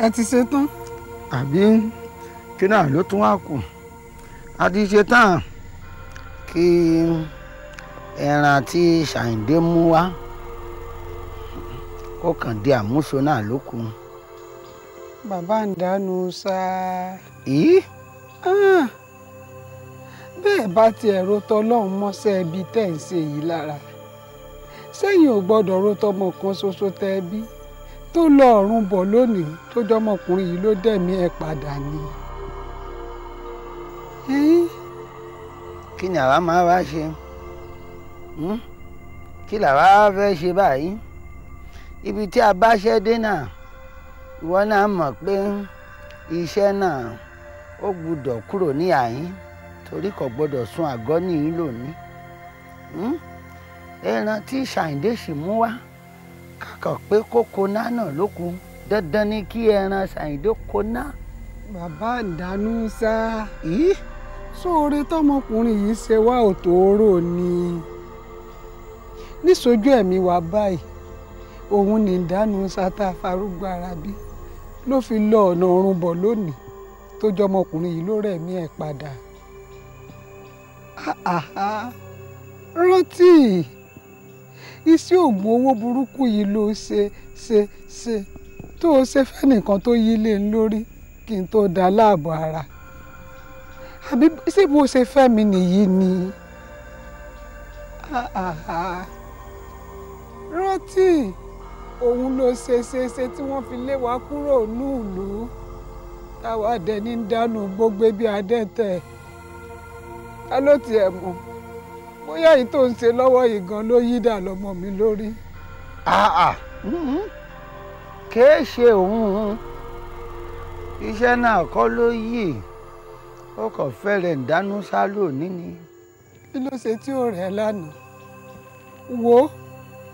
ẹ ti ṣe tán. àbí kí náà ló tún wá kù a ti ṣe tán kí ẹran tí ṣàyìndé mú wá ó kàn di àmúṣo náà ló kù. bàbá ń dánú sáà. yìí ah! bẹ́ẹ̀ bá tiẹ̀ ro tọlọ́run mọ́ṣẹ́ ibi tẹ̀ ń ṣe yìí lára sẹ́yìn ò gbọ́dọ̀ ro tọmọ kan ṣoṣo tẹ́ bí tó lọ ọ̀run bọ̀ lónìí tó jọmọkùnrin yìí ló dẹ̀mí ẹ̀ padà ni. kí ni àwa máa wá ṣe hmm? kí làwa fẹ́ ṣe báyìí ibi tí a bá ṣẹ́ dé náà ìwọ náà mọ̀ pé iṣẹ́ náà ó gbúdọ̀ kúrò ní àyín torí kò gbọdọ̀ sun àgọ́ nìyí lónìí hmm? ẹran tí ṣàǹdé sì mú wá. Hmm? kàkàn pé kó koná náà ló kù dandan ni kí ẹran ṣàyìndó koná. bàbá ìdánú sá yìí sóore tọmọkùnrin yìí ṣe wá òtòòrò ni níṣojú ẹ̀mí wa báyìí òun ní ìdánù sátá farúgbó ara bí ló fi lọ ọ̀nà ọ̀run bọ̀ lónìí tó jọmọkùnrin yìí ló rẹ̀mí ẹ̀ padà. rántí iṣẹ́ òògùn owó burúkú yìí ló ṣe ṣe ṣe tó o ṣe fẹ́ nìkan tó yí lé ń lórí kí n tó da láàbò ara àbí ṣé bó ṣe fẹ́ mi nìyí ni rántí òun ló ṣe ṣe ṣe tí wọ́n fi lé wa kúrò nílùú táwa dẹni ń dánú gbogbo bí adẹ́tẹ̀ ẹ ló tiẹ̀ mọ̀ bóyá èyí tó ń ṣe lọ́wọ́ yìí gan ló yí dà lọ́mọ mi lórí. Ah, ah. mm-hmm. kèé ṣe òun iṣẹ́ náà kọ́ ló yí ó kàn fẹ́rẹ̀ ń dánú sá lónìí ni. kí ló ṣe tí ò rẹ̀ lánàá wo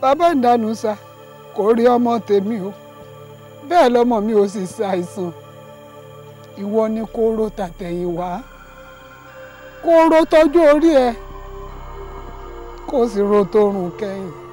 bàbá ìdánù sá kò rí ọmọ tèmi o bẹ́ẹ̀ lọ́mọ mi ò sì ṣàìsàn ìwọ ni kó tàtẹ̀yìn wá kó tọ́jú orí ẹ. E fosse o retorno quem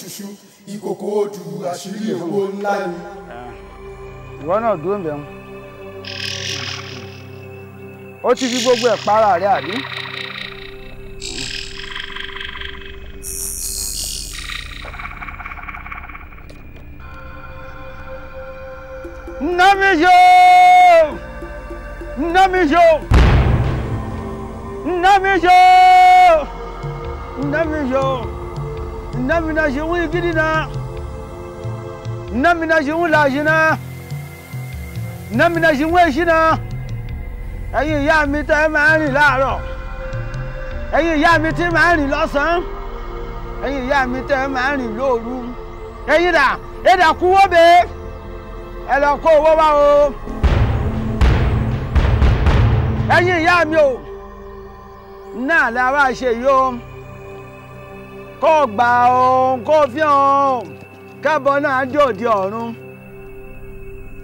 ṣuṣu ìkòkò odù àṣírí owó ńlá ni. ìwọ náà dúró ń bẹ̀rù ó ti fi gbogbo ẹ̀ para rẹ̀ àbí. Namijo! Namijo! Namijo! Namijo! namina shi wun gidina namina shi wun lashina namina shi wun shina ẹ̀yin ìyá mi tẹ́ ẹ máa ń rìn láàárọ̀ ẹ̀yin ìyá mi tẹ́ máa ń rìn lọ́sàn-án ẹ̀yin ìyá mi tẹ́ máa ń rìn lóru ẹ̀yin dà ẹ̀dà kúwó o ẹ̀yin ìyá mi o náà làwa ṣe yìí kó gba òun kó fi hàn kábọ̀ náà jó òdi ọ̀run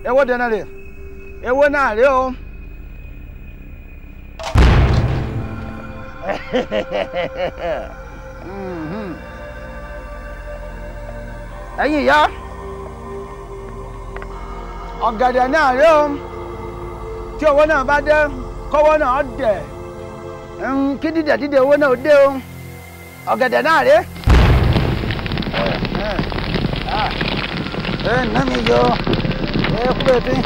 ewó dẹ́nà rẹ̀ ewó náà rẹ̀ o. ẹ̀yin ìyá ọ̀gẹ̀dẹ̀ náà rẹ̀ o tí owó náà bá dé kọ́wọ́ náà dẹ̀ kí dídẹ̀ dídẹ̀ owó náà dé o ọ̀gẹ̀dẹ̀ náà rèé. ẹ ẹ nami yọ ẹ kúrò tí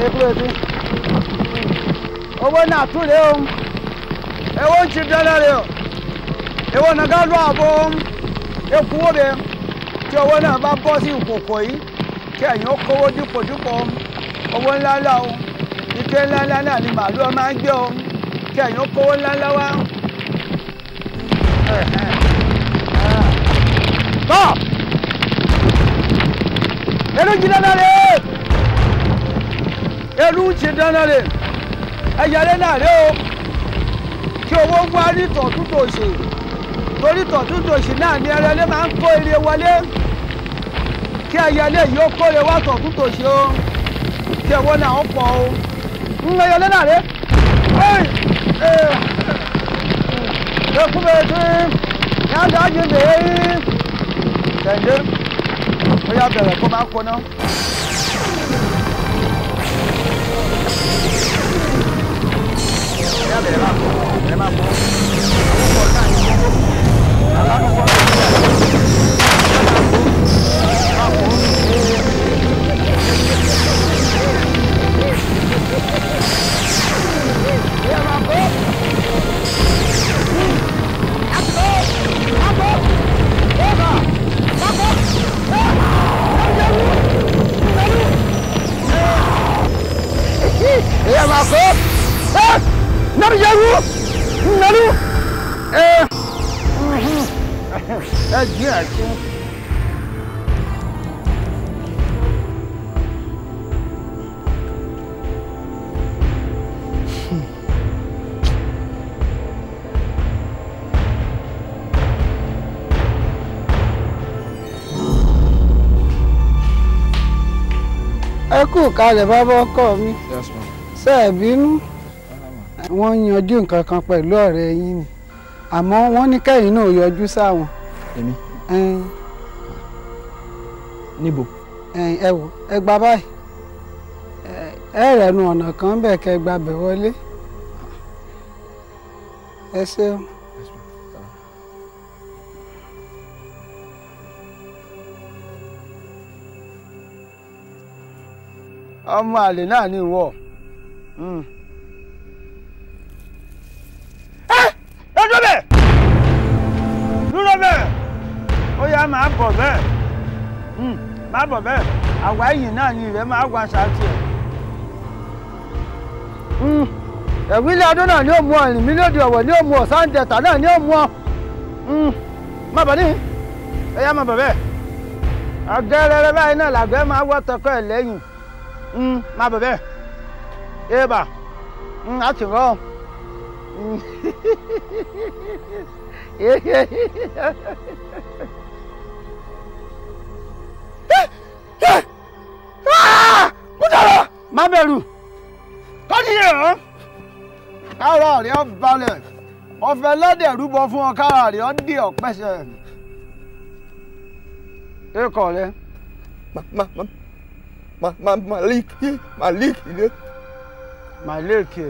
ẹ kúrò tí owó náà tún rèé o ewo ń ti dẹ́rẹ́ rèé o ewo nàgá lọ àbò eku wo tí owó náà bá bọ́ sí ìkòkò yìí kí ẹ̀yìn ó kówó dípò dípò owó ńláńlá o ike ńláńlá náà ni màálù ọ máa ń gbé o kí ẹ̀yìn ó kówó ńláńlá wá tọ́ ẹnu jí dandan lé ẹnu jí dandan lé ẹ̀yẹ́lẹ́ kí owó ń wá rí tọ̀tún tòṣì torí tọ̀tún tòṣì náà ni ẹrẹ́lẹ́ máa ń kó ire wọlé kí ẹyẹlé yìí ó kórè wá tọ̀tún tòṣì o kí ẹwọ́ náà ó pọ̀ o ń ẹyẹlẹ́ náà lé. Hey! Hey! Ekubeti nyada agyende yeyi tẹ̀lé ó yá bẹ̀rẹ̀ kó máa kóná. ó yá bẹ̀rẹ̀ máa kó bẹ̀rẹ̀ máa kó. àwọn ọkọ̀ náà ní kókó. àwọn akọ̀kọ̀ náà ní kókó. É mago! Ah! Não jogo! Não! É! É diante! ẹ kú kalẹ̀ bàbá ọkọ mi. Yes, ma. ṣe bínú wọ́n yanjú nǹkan kan pẹ̀lú ọ̀rẹ́ yín ni àmọ́ wọ́n ní kẹ́yìn náà yọjú sáwọn. èmi níbo. ẹ wò ẹ gba báyìí ẹ rẹnu ọ̀nà kan bẹ́ẹ̀ kẹ́ gba bẹ̀ wọlé ẹ ṣeun. ọmọ àlè náà ni ìwọ. Mm. ẹ dúró bẹ́ẹ̀ dúró bẹ́ẹ̀ ó yá máa bọ̀ bẹ́ẹ̀ mm, máa bọ̀ bẹ́ẹ̀ àwa ẹ̀yìn náà ni ìrẹ́ máa wá ṣáàtì ẹ̀. Mm, ẹ̀wí ilé adó náà ni ó mú ọ ìrìn mi lóde ọ̀wọ̀ ni ó mú ọ sáńdẹ̀tà náà ni ó mú ọ. má bọ̀ ní ẹ̀yà má bọ̀ bẹ́ẹ̀ àgẹ́rẹ́rẹ́ báyìí náà làgbẹ́ máa wọ́ tọkọ ẹ̀ lẹ́yìn má bọ̀ bẹ́ẹ̀ ê bà áo trưởng không má bẹ̀rù kọ́ ní ìrọ̀ káàrọ̀ rẹ̀ ọ́ balẹ̀ ọ̀fẹ́ lọ́dẹ̀ rúbọ fún ọ káàrọ̀ rẹ̀ ọ́ dé ọ̀pẹ́sẹ̀ ẹ kọ̀ rẹ̀. malik malik ilé. My Maleke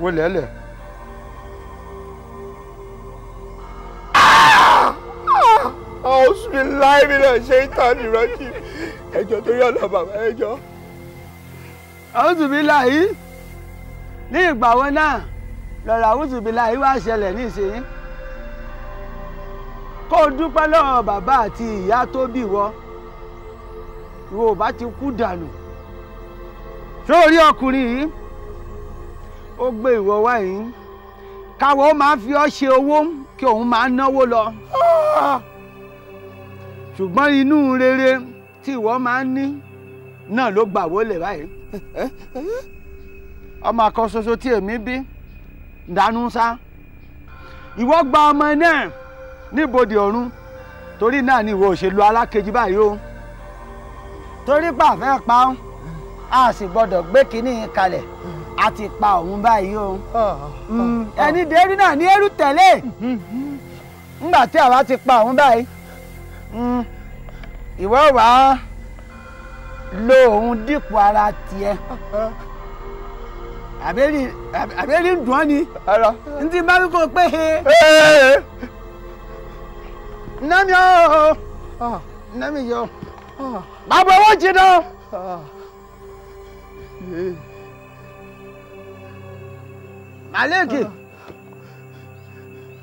wo lẹ́lẹ̀. ọ̀sùn láìpẹ́ náà ṣe ń tàn ní rọ́jì ẹjọ́ tó yọ̀ lọ bàbá ẹjọ́. àwùjùbíláyì ní ìgbà wo náà lọ́rọ̀ àwùjùbíláyì wá ṣẹlẹ̀ nísìnyí kó o dúpẹ́ lọ́wọ́ bàbá àti ìyá tó bí wọ ìwọ ò bá ti kú dànù sórí ọkùnrin yìí ó gbé ìwọ wá yìí káwọ́ máa fi ọ́ ṣe owó kí òun máa náwó lọ ah! ṣùgbọ́n inú rere tí ìwọ máa ń ní náà ló gbà wọlé báyìí ọmọ kan ṣoṣo tí èmi bí dànù sá ìwọ gba ọmọ náà níbodè ọ̀run torí náà ni ìwọ ò ṣe lu alákejì báyìí o torí pàfẹ́ pa ọ́ a sì gbọ́dọ̀ gbé kínní kalẹ̀ a ti pa òun báyìí o hmm. ẹni dérí náà ní ẹrú tẹ̀lé nígbà tí àwa ti pa òun báyìí hmm, ìwọ wàá lo òun dípò ara tiẹ̀ àbẹ́rí àbẹ́rí ń dùn ọ́ ni n ti bá wípé pé he. nami ọ́ ah. nami yọ ah. bàbá owó jí náà. Ah. Maliki! Ah.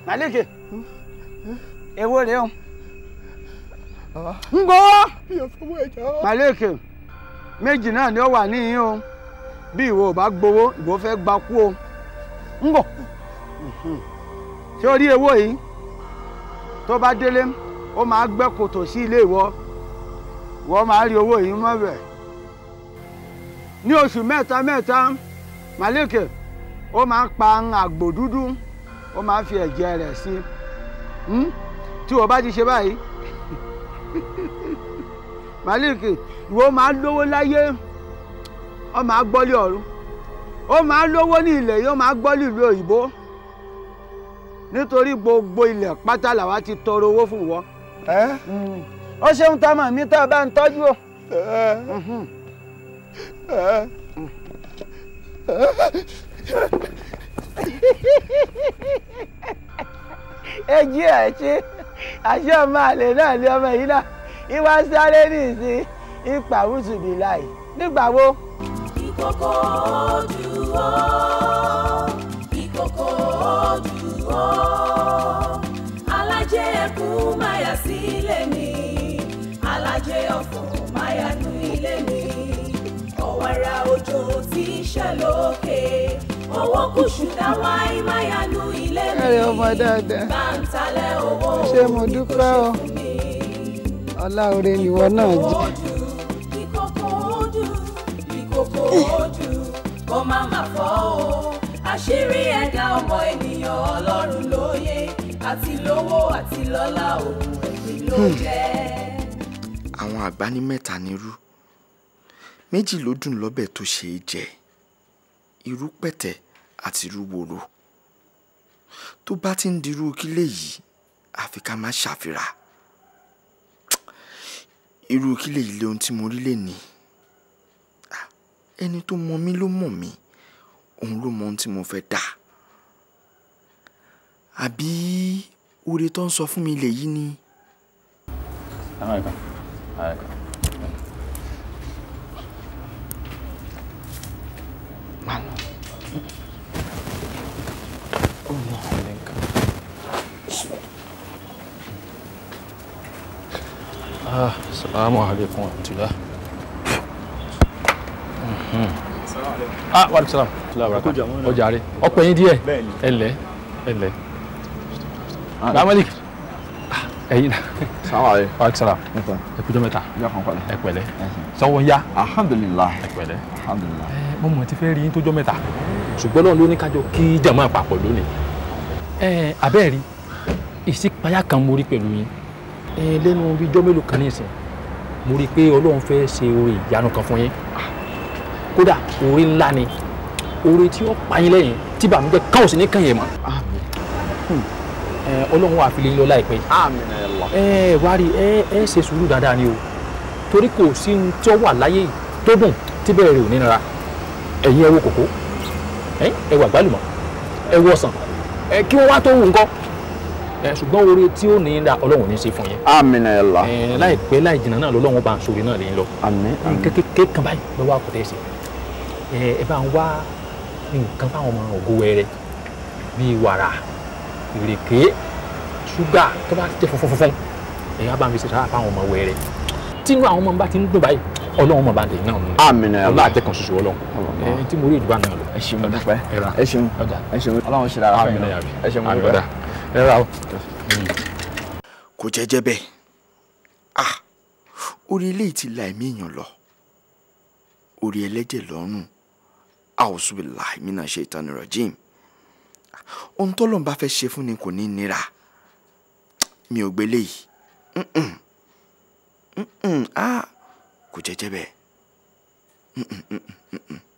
Maliki! Ewo rèé o? Ń gbọ́! Maliki! meji náà ni ọ wà níyìn o. bi ìwọ ò bá gbowó, ìwọ gba ku o. Mhm. o rí èwo yìí? Tó bá délé, ó ma gbẹ́ kòtò sí ilé ìwọ. ma rí owó yìí mọ́ ní oṣù mẹ́ta mẹ́ta màlẹ́kẹ̀ ó máa ń pa àgbò dúdú ó máa fi ẹ̀jẹ̀ rẹ̀ sí hmm? tí o bá ti ṣe báyìí màlẹ́kẹ̀ ìwọ máa ń lówó láyé ó máa gbọ́lé ọ̀run ó máa ń lówó ní ilẹ̀ yìí ó máa gbọ́lé ìlú gbogbo ilẹ̀ pátá ti tọrọ owó fún wọn. Hmm. ó ṣeun tá a mọ̀ mí tá a bá ń tọ́jú o. ẹ jí ẹ ṣe àṣẹ ọmọ àlè náà ni ọmọ yìí náà ìwà sáré nìsín ipa wùsùbí láì nígbà wo. ìkòkò ojú o ìkòkò ojú o alájẹ ẹkún máyà sí ilé mi alájẹ ọ̀fọ̀ máyà nú ilé mi wàrà òjò tí ń ṣe lókè owó kùṣù dáwà ìmáyanu ilé mi ẹ̀rẹ̀ ọmọ dáadáa báńtalẹ̀ owó ṣé mo dúpẹ́ o ọlá oore nìwọ náà jẹ́. ìkòkò ojú ìkòkò ojú kò má má fọ́ o àṣírí ẹ̀dá ọmọ ènìyàn ọlọ́run lóye àti lówó àti lọ́lá òun ẹ̀mí ló hmm. jẹ́. àwọn àgbá ní mẹ́ta nírú méjì ló dùn lọ́bẹ̀ tó ṣe é jẹ irú pẹ̀tẹ̀ àti irú woro tó bá ti ń dirú kílé yìí àfi ká má ṣàfihàn irú kílé yìí lé ohun tí mo rí lè ní ẹni tó mọ mí ló mọ̀ mí òun ló mọ ohun tí mo fẹ́ dà àbí oore tó ń sọ fún mi lèyí ni. àwọn ẹ̀ka Allah alenka. Ah, salamu alaikum wa rahmatullah. Ah, wa alaikum salam. Ó jàre. Ọ̀pọ̀ Oh díẹ̀. Ẹ̀lẹ́. Ẹ̀lẹ́. Ramalik. Ẹyin náà. Ah. Salamu alaikum. Wa ah, alaikum salam. Ẹ kújọ́ mẹ́ta. Ẹ pẹ̀lẹ́. Sọ́wọ́ yá. Alhamdulilah. Alhamdulillah. pẹ̀lẹ́. Alhamdulilah. Eh, mo mọ̀ ti fẹ́ rí yín tó jọ́ mẹ́ta. Ṣùgbọ́n náà ló ní kájọ kí jàmáà papọ̀ lónìí abẹ́ẹ̀rí ìṣípayá kan mo rí pẹ̀lú yín lẹ́nu bíi ijọ́ mélòó kan nísìn mo rí i pé ọlọ́run fẹ́ ṣe oore ìyanu kan fún yín kódà oore ńlá ni oore tí ó pa yín lẹ́yìn tí bàmíjẹ́ káwọn sì ní kàn yẹn mọ́ hmm. ọlọ́run wà fi lè lọ láìpẹ́ ẹ wá rí ẹ ẹ ṣe sùúrù dáadáa ni o torí kò sí ní tí ó wà láyé tó dùn tí bẹ́ẹ̀ rẹ̀ ò ní nira ẹ̀yin ẹ wo kòkó ẹ wo àgbálùmọ̀ ẹ wo ọsàn ẹ kí wọ́n wá tó wù nǹkan ẹ ṣùgbọ́n oore tí ó ní ra ọlọ́run ní í ṣe fún yín. àmín ẹ la. ẹ láìpẹ́ láì jìnnà náà lọ́lọ́run bá ń sori náà lè ń lọ. àmín àmín kékeré kan báyìí lọ́wọ́ àkọ́tẹ́ ẹ̀sìn ẹ ẹ bá ń wá nǹkan fáwọn ọmọ ògo wẹrẹ bíi wàrà ìrèké ṣúgà tó bá jẹ́ funfun funfun ẹ̀yà bá ń fi ṣe sára fáwọn ọmọ wẹrẹ tínú àwọn ọmọ bá ti ń dùn báyìí ọlọ́run mọ̀ bá dé náà mi. àmín ẹ̀ ọlọ́run àtẹkùn ṣoṣo ọlọ́run. ẹ tí mo rí ìdúgbà náà lọ. ẹ ṣeun dúpẹ́ ẹ ṣeun ẹ ṣeun ọlọ́run ṣe dára fún mi ẹ ṣeun mo ẹ ra o. kò jẹ́jẹ́ bẹ́ẹ̀ ah orí eléyìí ti la ẹ̀mí èèyàn lọ orí ẹlẹ́jẹ̀ lọ́rùn àwòsùbìlà ìmínà ṣe ìtàn rajim ohun tó lóun bá fẹ́ ṣe fún ni kò ní nira mi ò gbélé yìí ah. Kucai cebek. Mm-mm-mm-mm-mm.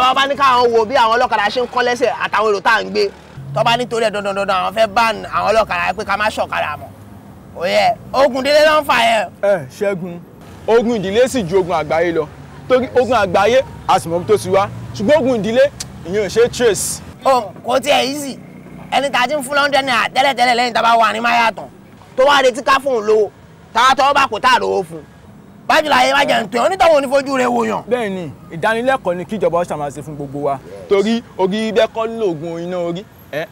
tíjọba bá ní káwọn wo bí àwọn ọlọ́kadà ṣe ń kán lẹ́sẹ̀ àtàwọn èrò tá à ń gbé tó bá nítorí ẹ̀ dandan dandan àwọn fẹ́ ban àwọn ọlọ́kadà pé ká má ṣọ̀kadà mọ́ òye ogun délé ló ń fà yẹn. ẹ ṣẹ́gun ogun ìdílé sì ju ogun àgbáyé lọ torí ogun àgbáyé àsìmọ́ tó ti wá ṣùgbọ́n ogun ìdílé ìyẹn ò ṣe trace. o kò tiẹ̀ easy ẹni tá a ti ń fún lọ́ndẹ̀ náà tẹ́lẹ̀tẹ́lẹ̀ lẹ́yìn tá a bá wà ní máyàtọ̀ tó wá retí ká fóun lówó tá a tọ́ bá kò tá a lówó fún un bájìlá ayé bá jẹ ń tẹ ọ níta wọn ò ní fojú rẹ wo yàn. bẹ́ẹ̀ni ìdánilẹ́kọ̀ọ́ ni kíjọba ọsàn máa ṣe fún gbogbo wa. torí orí bẹ́ẹ̀ kọ́ lóògùn iná orí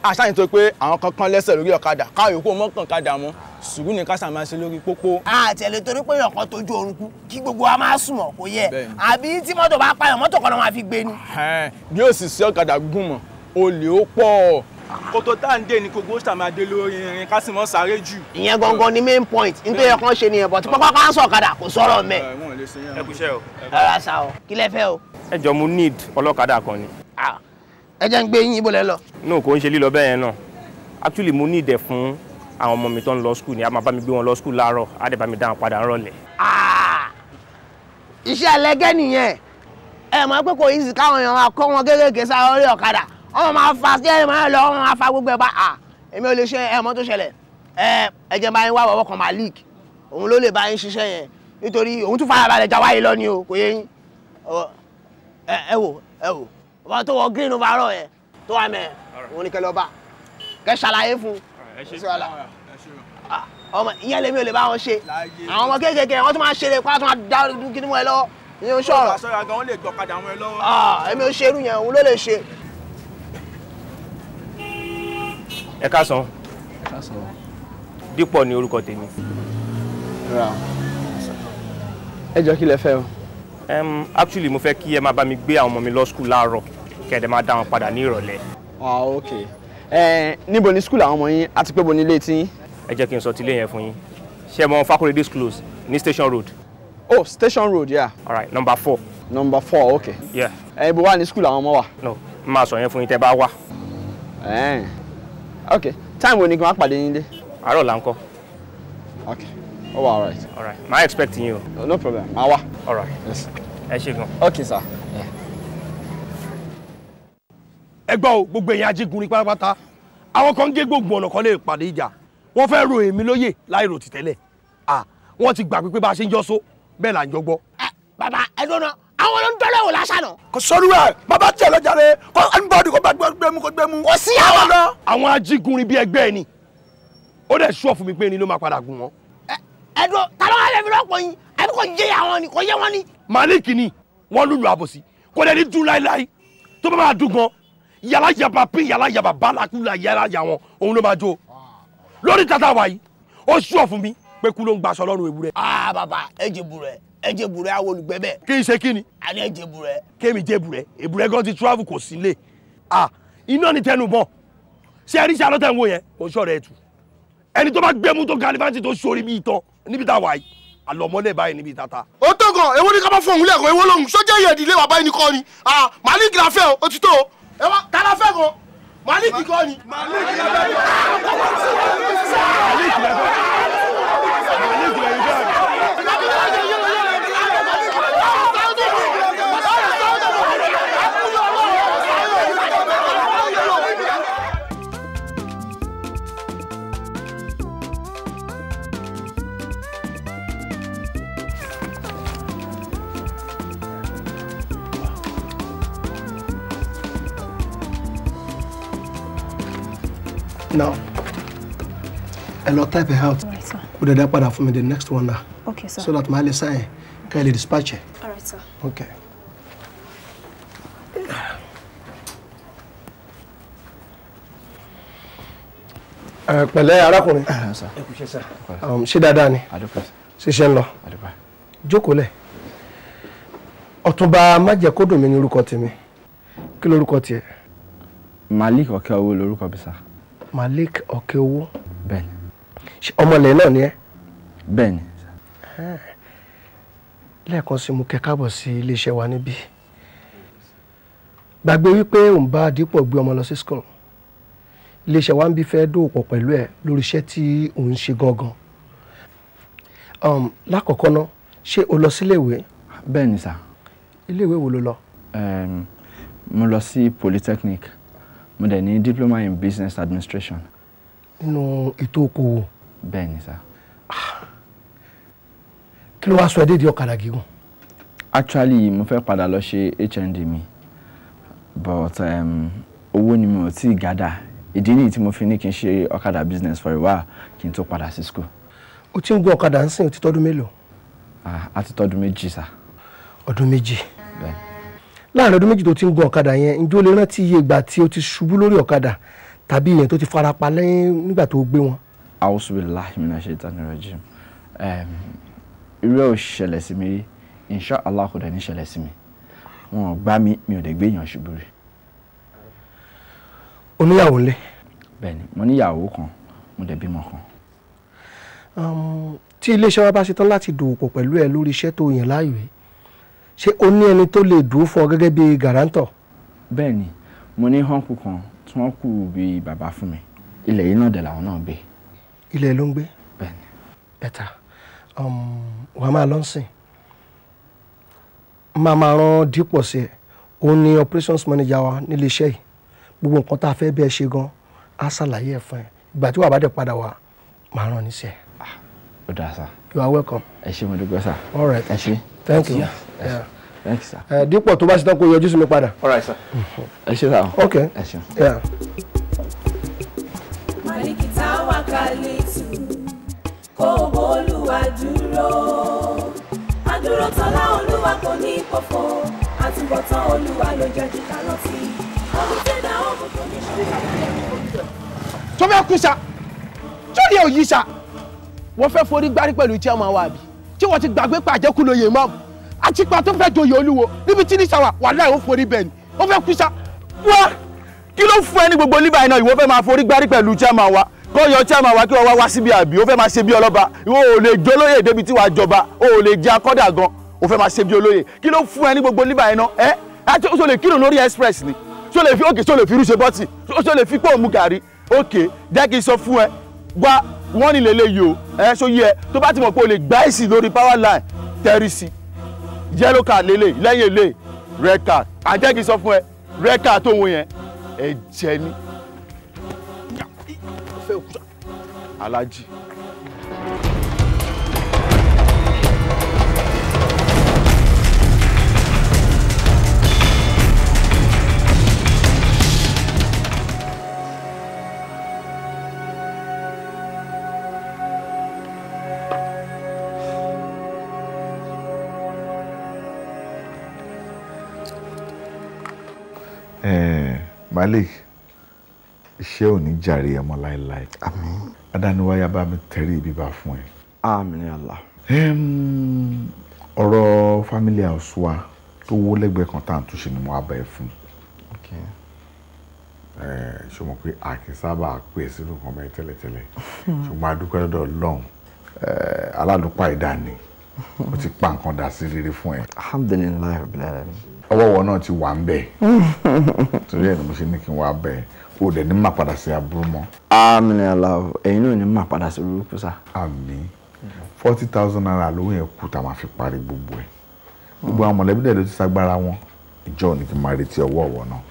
àṣàyàn tó pé àwọn kankan lẹ́sẹ̀ lórí ọ̀kadà káyọ̀ kó mọ́kàn kadà mọ́ sùúrù ní kásà máa ṣe lórí pópó. àtẹ̀lé torí pé ọkọ̀ tójú oorun kú kí gbogbo wa máa sùn mọ̀ kó yẹ àbí tí mọ́tò bá pààyàn mọ́tò kan kòtò tá à ń dé ni gbogbo ṣàmì adé lórí irin ká sì mọ́ sáré jù. ìyẹn gangan ni main point nítorí ẹ̀ kàn ṣe nìyẹn bọ̀ tí pápá kan sọ ọ̀kadà kò sọ̀rọ̀ mẹ́. ẹ kú o. rárá sa o kí lẹ fẹ́ o. ẹ jọ mo need ọlọ́kadà kan ni. ẹ jẹ́ ń gbé yín ibo lẹ lọ. no kò ń ṣe lílọ bẹ́ẹ̀ yẹn náà actually mo need ẹ fún àwọn ọmọ mi tó ń lọ school ni a máa bá mi gbé wọn lọ school láàárọ̀ á dẹ̀ bá mi dáhùn padà rọ̀lẹ́. iṣẹ́ ẹlẹ́gẹ́ nìyẹn ẹ mọ̀ pé kò easy káwọn èèyàn máa kọ́ wọ́n máa fa sí ẹ̀rìn máa lọ wọ́n máa fa gbogbo ẹ̀ bá à èmi ò lè ṣe ẹ̀mọ́ tó ṣẹlẹ̀ ẹ ẹ̀jẹ̀ bá yín wá wọ́wọ́ kan máa leak òun ló lè bá yín ṣiṣẹ́ yẹn nítorí òun tún farabalẹ̀ já wáyé lọ ni o kò yé yín ẹ wò ẹ wò ọba tó wọ green overall yẹn tó wà mẹ́ òun ni kẹlẹ́ ọba kẹ ṣàlàyé fún ọmọ ìyẹn lèmi ò lè bá wọn ṣe àwọn ọmọ kéékèèké wọn tún máa ṣeré kó a tún máa dá dúkìní mọ́ ẹ lọ́wọ́ ìyẹn ń ṣọ̀rọ̀ èmi ò ṣerú yẹn òun ló lè ṣe ẹ káàsán dípọ̀ ni orúkọ tèmi. ẹ jọ kí lẹ fẹ́ o. actually mo fẹ́ kí ẹ máa bá mi gbé àwọn ọmọ mi lọ school láàárọ̀ kí ẹ dẹ̀ máa dá wọn padà ní ìrọ̀lẹ́. ah ok ẹ níbo ni school àwọn ọmọ yín àti pé bo ni ilé tí yín. ẹ jẹ́ kí n sọ tilé yẹn fún yín ṣé mo Fakorede close ní station road. oh station road yeah. all right number four. number four ok. yeah. ẹ ibo wà ní school àwọn ọmọ wa. no máa sọ yẹn fún yín tẹ́ bá wà. ok time wo ni kí n wá ok ó wà alright. alright I expect you? no problem ma wá. alright yes. ok sir. ẹ gbogbo pátápátá àwọn kan ń gé gbogbo ọ̀nà kan lè pàdé ìjà wọ́n fẹ́ ro èmi láì rò wọ́n ti gbà pé bá a ṣe ń jọ́ gbọ́. bàbá àwọn ló ń dọ́lẹ̀ wò lásán nù. kò sọ́rú ẹ̀ bàbá tiẹ̀ lọ jàre kó anibọ́dì kó bá gbẹ́mú kó gbẹ́mú. kò sí àwọn. àwọn ajígunrin bíi ẹgbẹ́ ẹni ó dẹ̀ sọ fún mi pé ẹni ló máa padà gùn wọn. ẹ ẹ dúró ta ló wà lẹ́bi lọ́pọ̀ yín àbí kò yé àwọn ni kò yé wọn ni. malik ni wọn lùlù àbòsí kò dẹ̀ ní láéláé tó bá máa dùn gan yàrá yaba pín yàrá yaba bálakúlà yàrá yà wọn òun ló máa jó lórí tata wa yìí ó sọ fún mi pé kú ló ń ẹjẹ burẹ àwọn olùgbẹ bẹẹ. kí n ṣe kí ni. a ní ẹjẹ burẹ. kémi jẹ burẹ gan ti travel kò sí lé a iná ni tẹnu bọ ṣé ẹ rí ṣe alọ́tẹ̀ ń wo yẹn kò ń ṣọ̀rọ̀ ẹ̀ tù ẹni tó bá gbẹmú tó galifanti tó sori bí itan níbi tá a wà yìí àlọ́mọ́lẹ̀ báyìí níbi tata. ó tó gan èwo ni ká bá fún òun lẹ́kọ̀ọ́ èwo lòun sójà yẹ̀ ìdílé wa báyìí nìkan ni malik lafẹ́ o ó ti tó o ẹ wá kálá fẹ́ gan malik nìkan ni. malik lafẹ́ gan. malik now ẹ lọ type it out Would dẹ̀ dá padà me the next one na okay, sir. so that my can màá lè sign ká ẹ lè dispatch ẹ. all right sir. okay. ẹ pẹ̀lẹ́ arákùnrin ah, um, ṣé dáadáa ni ṣiṣẹ́ ń lọ jókòó lẹ̀ ọ̀túnba májẹ̀kódùnmí ni orúkọ tèmi kí lorúkọ tiẹ̀. malik ọkẹ owó lorúkọ bí sá. Malik Ọ̀kẹ́owó. bẹ́ẹ̀ni. ọmọlẹ̀ náà ni ẹ́. bẹ́ẹ̀ni. lẹ́ẹ̀kan sí mo kẹ́ káàbọ̀ sí iléeṣẹ́ wa níbí gbàgbé wípé òun bá Adípọ̀ gbé ọmọ lọ sí school iléeṣẹ́ wa ń bí fẹ́ dòwòpọ̀ pẹ̀lú ẹ̀ lórí iṣẹ́ tí òun ṣe gangan um, lákọ̀ọ́kọ́ ná ṣé o lọ síléèwé. bẹ́ẹ̀ni sá. iléèwé wo ló lọ. mo lọ sí polytechnic mo dẹ̀ ní diploma in business administration. nínú ètò okòwò. bẹ́ẹ̀ ni sá. Ah. kí ló wá sọ ẹ́ dédé ọ̀kadà gígùn. actually mo fẹ́ padà lọ ṣe HND mi but um, owó ni mi ò tí ì gádà ìdí nìyí tí mo fi ní kí n ṣe ọ̀kadà business for a while kí n tó padà sí school. o ti ń gun ọ̀kadà ń sìn o ti tọ́dún mélòó. Ah, a ti tọ́dún méjì sá. ọdún méjì. bẹ́ẹ̀ láàrin ọdún méjì tó ti ń gun ọ̀kadà yẹn ǹjẹ́ o lè rántí iye ìgbà tí o ti ṣubú lórí ọ̀kadà tàbí ìyẹn tó ti fara pa lẹ́yìn nígbà tó gbé wọn. a'udhu billahi minash shaitani rajim irú ẹ̀ ò ṣẹlẹ̀ sí mi rí insha allah kò dẹ̀ ní ṣẹlẹ̀ sí mi wọn ò gbá mi mi ò dẹ̀ gbéyàn ṣubú rí. oníyàwó ńlẹ. bẹ́ẹ̀ni mo níyàwó kan mo dẹ̀ bímọ kan. tí iléeṣẹ́ wa bá ṣetán láti dòwòpọ̀ pẹ̀lú ẹ lórí iṣẹ́ tó yàn láàyò ṣé o ní ẹni tó lè dúró fún ọ gẹ́gẹ́ bí gàrántọ̀. bẹ́ẹ̀ ni mo ní hànkù kan tí wọ́n kù bí bàbá fún mi ilẹ̀ yìí náà dẹ̀ làwọn náà gbé. ilẹ̀ ló ń gbé. bẹ́ẹ̀ ni. bẹ́tà um, wàá máa lọ sìn máa máa rán dípò sí ẹ òun ni operations manager wa nílé iṣẹ́ yìí gbogbo nǹkan tá a fẹ́ bẹ́ẹ̀ ṣe gan á ṣàlàyé ẹ̀ fún ẹ ìgbà tí wàá bá dẹ̀ padà wá máa rán níṣẹ́. Ah, ó dáa sá. you are welcome. ẹ ṣé mo dúpẹ́ sá. all right ẹ ṣé thank you Yeah. thank you sir. Uh, dípò tó bá ṣe tán kó yọjú sí mi padà. all right sir. ẹ ṣe sá o. ok ẹ ṣe. màlìkìtà wà kálí tù kó olúwa dúró adúró tọ́lá olúwa kò ní pòfo àtúbọ̀tán olúwa ló jẹ́ kíkà lọ́tì ọdún tẹ̀dá ọ̀hún kò ní ṣe. tó fẹ́ kú sa tó yẹ òyì sa wọ́n fẹ́ forí gbárí pẹ̀lú tí a máa wà tí wọ́n ti gbàgbé pé àjẹkù lóye imam àtìpá tó fẹ́ joyè olúwo níbi tí ní sàwà wàhálà ó forí bẹ́ẹ̀ ni ó fẹ́ kú sa. wá kí ló fún ẹ ní gbogbo níbàyí náà ìwọ fẹ́ máa forí gbárí pẹ̀lú chairman wa kọ́ yọ chairman wa kí wọ́n wá wá síbi àbí ó fẹ́ máa ṣe bí ọlọ́ba ìwọ ò lè jólóyè débi tí wàá jọba ò lè jẹ akọ́dà gan ó fẹ́ máa ṣe bí olóyè kí ló fún ẹ ní gbogbo níbàyí náà ẹ àti ó lè kírun lórí express ni ṣó lè fi òkè ṣó lè fi irú ṣe bọ́tì ṣó lè fi pọ́ọ̀mù gàrí òkè jẹ́ kí n sọ fún ẹ wá wọ́n ní lélẹ́ yìí o ẹ ṣó yẹ tó bá ti mọ̀ pé o lè gbá èsì lórí power line tẹ́rì yellow card lélẹ̀ lẹ́yìn èlé red card àjẹ́kì sọ fún ẹ red card tó wọ yẹn ẹ jẹ ní. alájì Malik iṣẹ́ ò ní jàre ọmọ láéláé. àmín. adániwáyà bá mi tẹ̀rí ibi bá fún ẹ. àmín Allah. ọ̀rọ̀ family house wa tó wó lẹ́gbẹ̀ẹ́ kan tá à ń túnṣe ni mo wá bá ẹ fún. ṣé mo pé àkín sábà pè sínú kan bẹ́ẹ̀ tẹ́lẹ̀tẹ́lẹ̀ ṣùgbọ́n adúpẹ́ lọ́dọ̀ lọ́hùn aládùúpà ìdá ni ó ti pa nǹkan dà sí rere fún ẹ. alhamdulilayi rabbil alamin ọwọ́wọ́ náà ti wà ń bẹ̀ torí ẹ̀ ni mo ṣe ní kí n wá bẹ̀ o dẹ̀ ní mà padà sí aburú mọ́. àmì ni aláwọ ẹ̀yin náà ní mà padà sí burúkú sá. àmì forty thousand naira lówó yẹn kù tá a máa fi parí gbogbo ẹ̀ gbogbo àwọn mọ̀lẹ́bí dẹ̀ ló ti sagbára wọn ìjọ ni kí n máa retí ọwọ́ ọ̀wọ́ náà.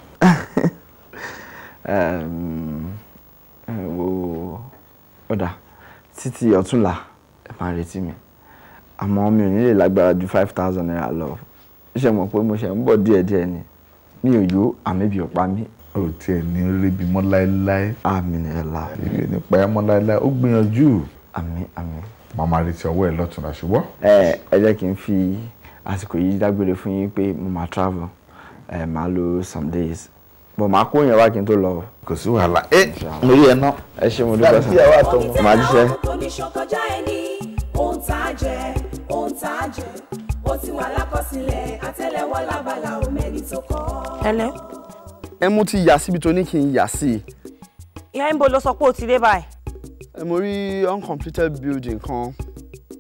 ọ̀dà títí ọ̀túnla ẹ̀ máa retí mi àmọ́ mi ò ní lè lágbára ju five thousand naira lọ ṣe mọ̀ pé mo ṣe ń bọ̀ díẹ̀díẹ̀ ni mi ò yó àmì bí ọ̀pá mi. o tiẹ̀ ní ríbi mọ́ láéláé. àmì ẹ̀ la. èyí ni pẹ́ mọ́ láéláé ó gbìyànjú. àmì àmì. màmá retí ọwọ́ ẹ lọ́tún la ṣùgbọ́n. ẹ ẹ jẹ́ kí n fi àsìkò yìí dágbére fún yín pé mo máa travel ẹ máa lo some days bọ̀ máa kó yẹn wá kí n tó lọ. kò sí wàhálà ẹ mo rí ẹ náà. ẹ ṣe mo dúpẹ́ sàn máa jíṣẹ́ ó ti wà lákọsílẹ̀ àtẹ́lẹwọ́ lábala omẹ́ni tó kọ́. ẹlẹ́. ẹ mú ti yà síbi tó ní kí n yà sí i. ìyá ń bo ló sọ pé ó ti dé báyìí. ẹ mo rí uncompleted building kan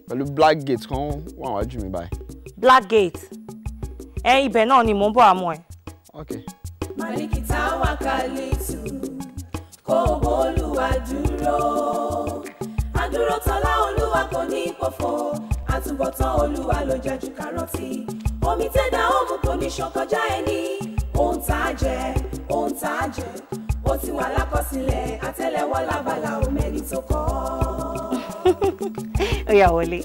pẹ̀lú black gate kan wà wájú mi báyìí. black gate ẹ ibẹ̀ náà ni mò ń bọ̀ àmọ́ ẹ. ok. màlìkì tá a tù kó o bó olúwa dúró àdúró olúwa kò ní pòfo àtúbọ̀tán olúwa ló jẹ́ ju kárọ́tì omi tẹ́dá òmù kò ní ṣọkọjá ẹni ohun tá a jẹ ohun tá a jẹ ó ti wà lákọsílẹ̀ àtẹ́lẹwọ́ lábala omẹ́ni tó kọ́. ó yá wọlé.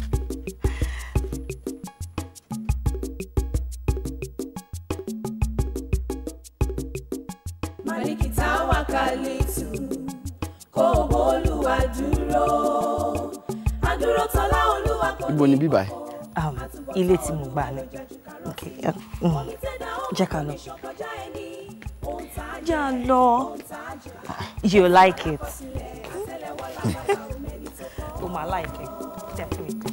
dúró adúró tọ́lá olúwa kò ní. ibo ni bíbá yìí. Um, ilé tí mo gbà ni um, mm, jẹ́ ká lọ. jẹ́ à lọ you like it. o oh, máa like it definitely.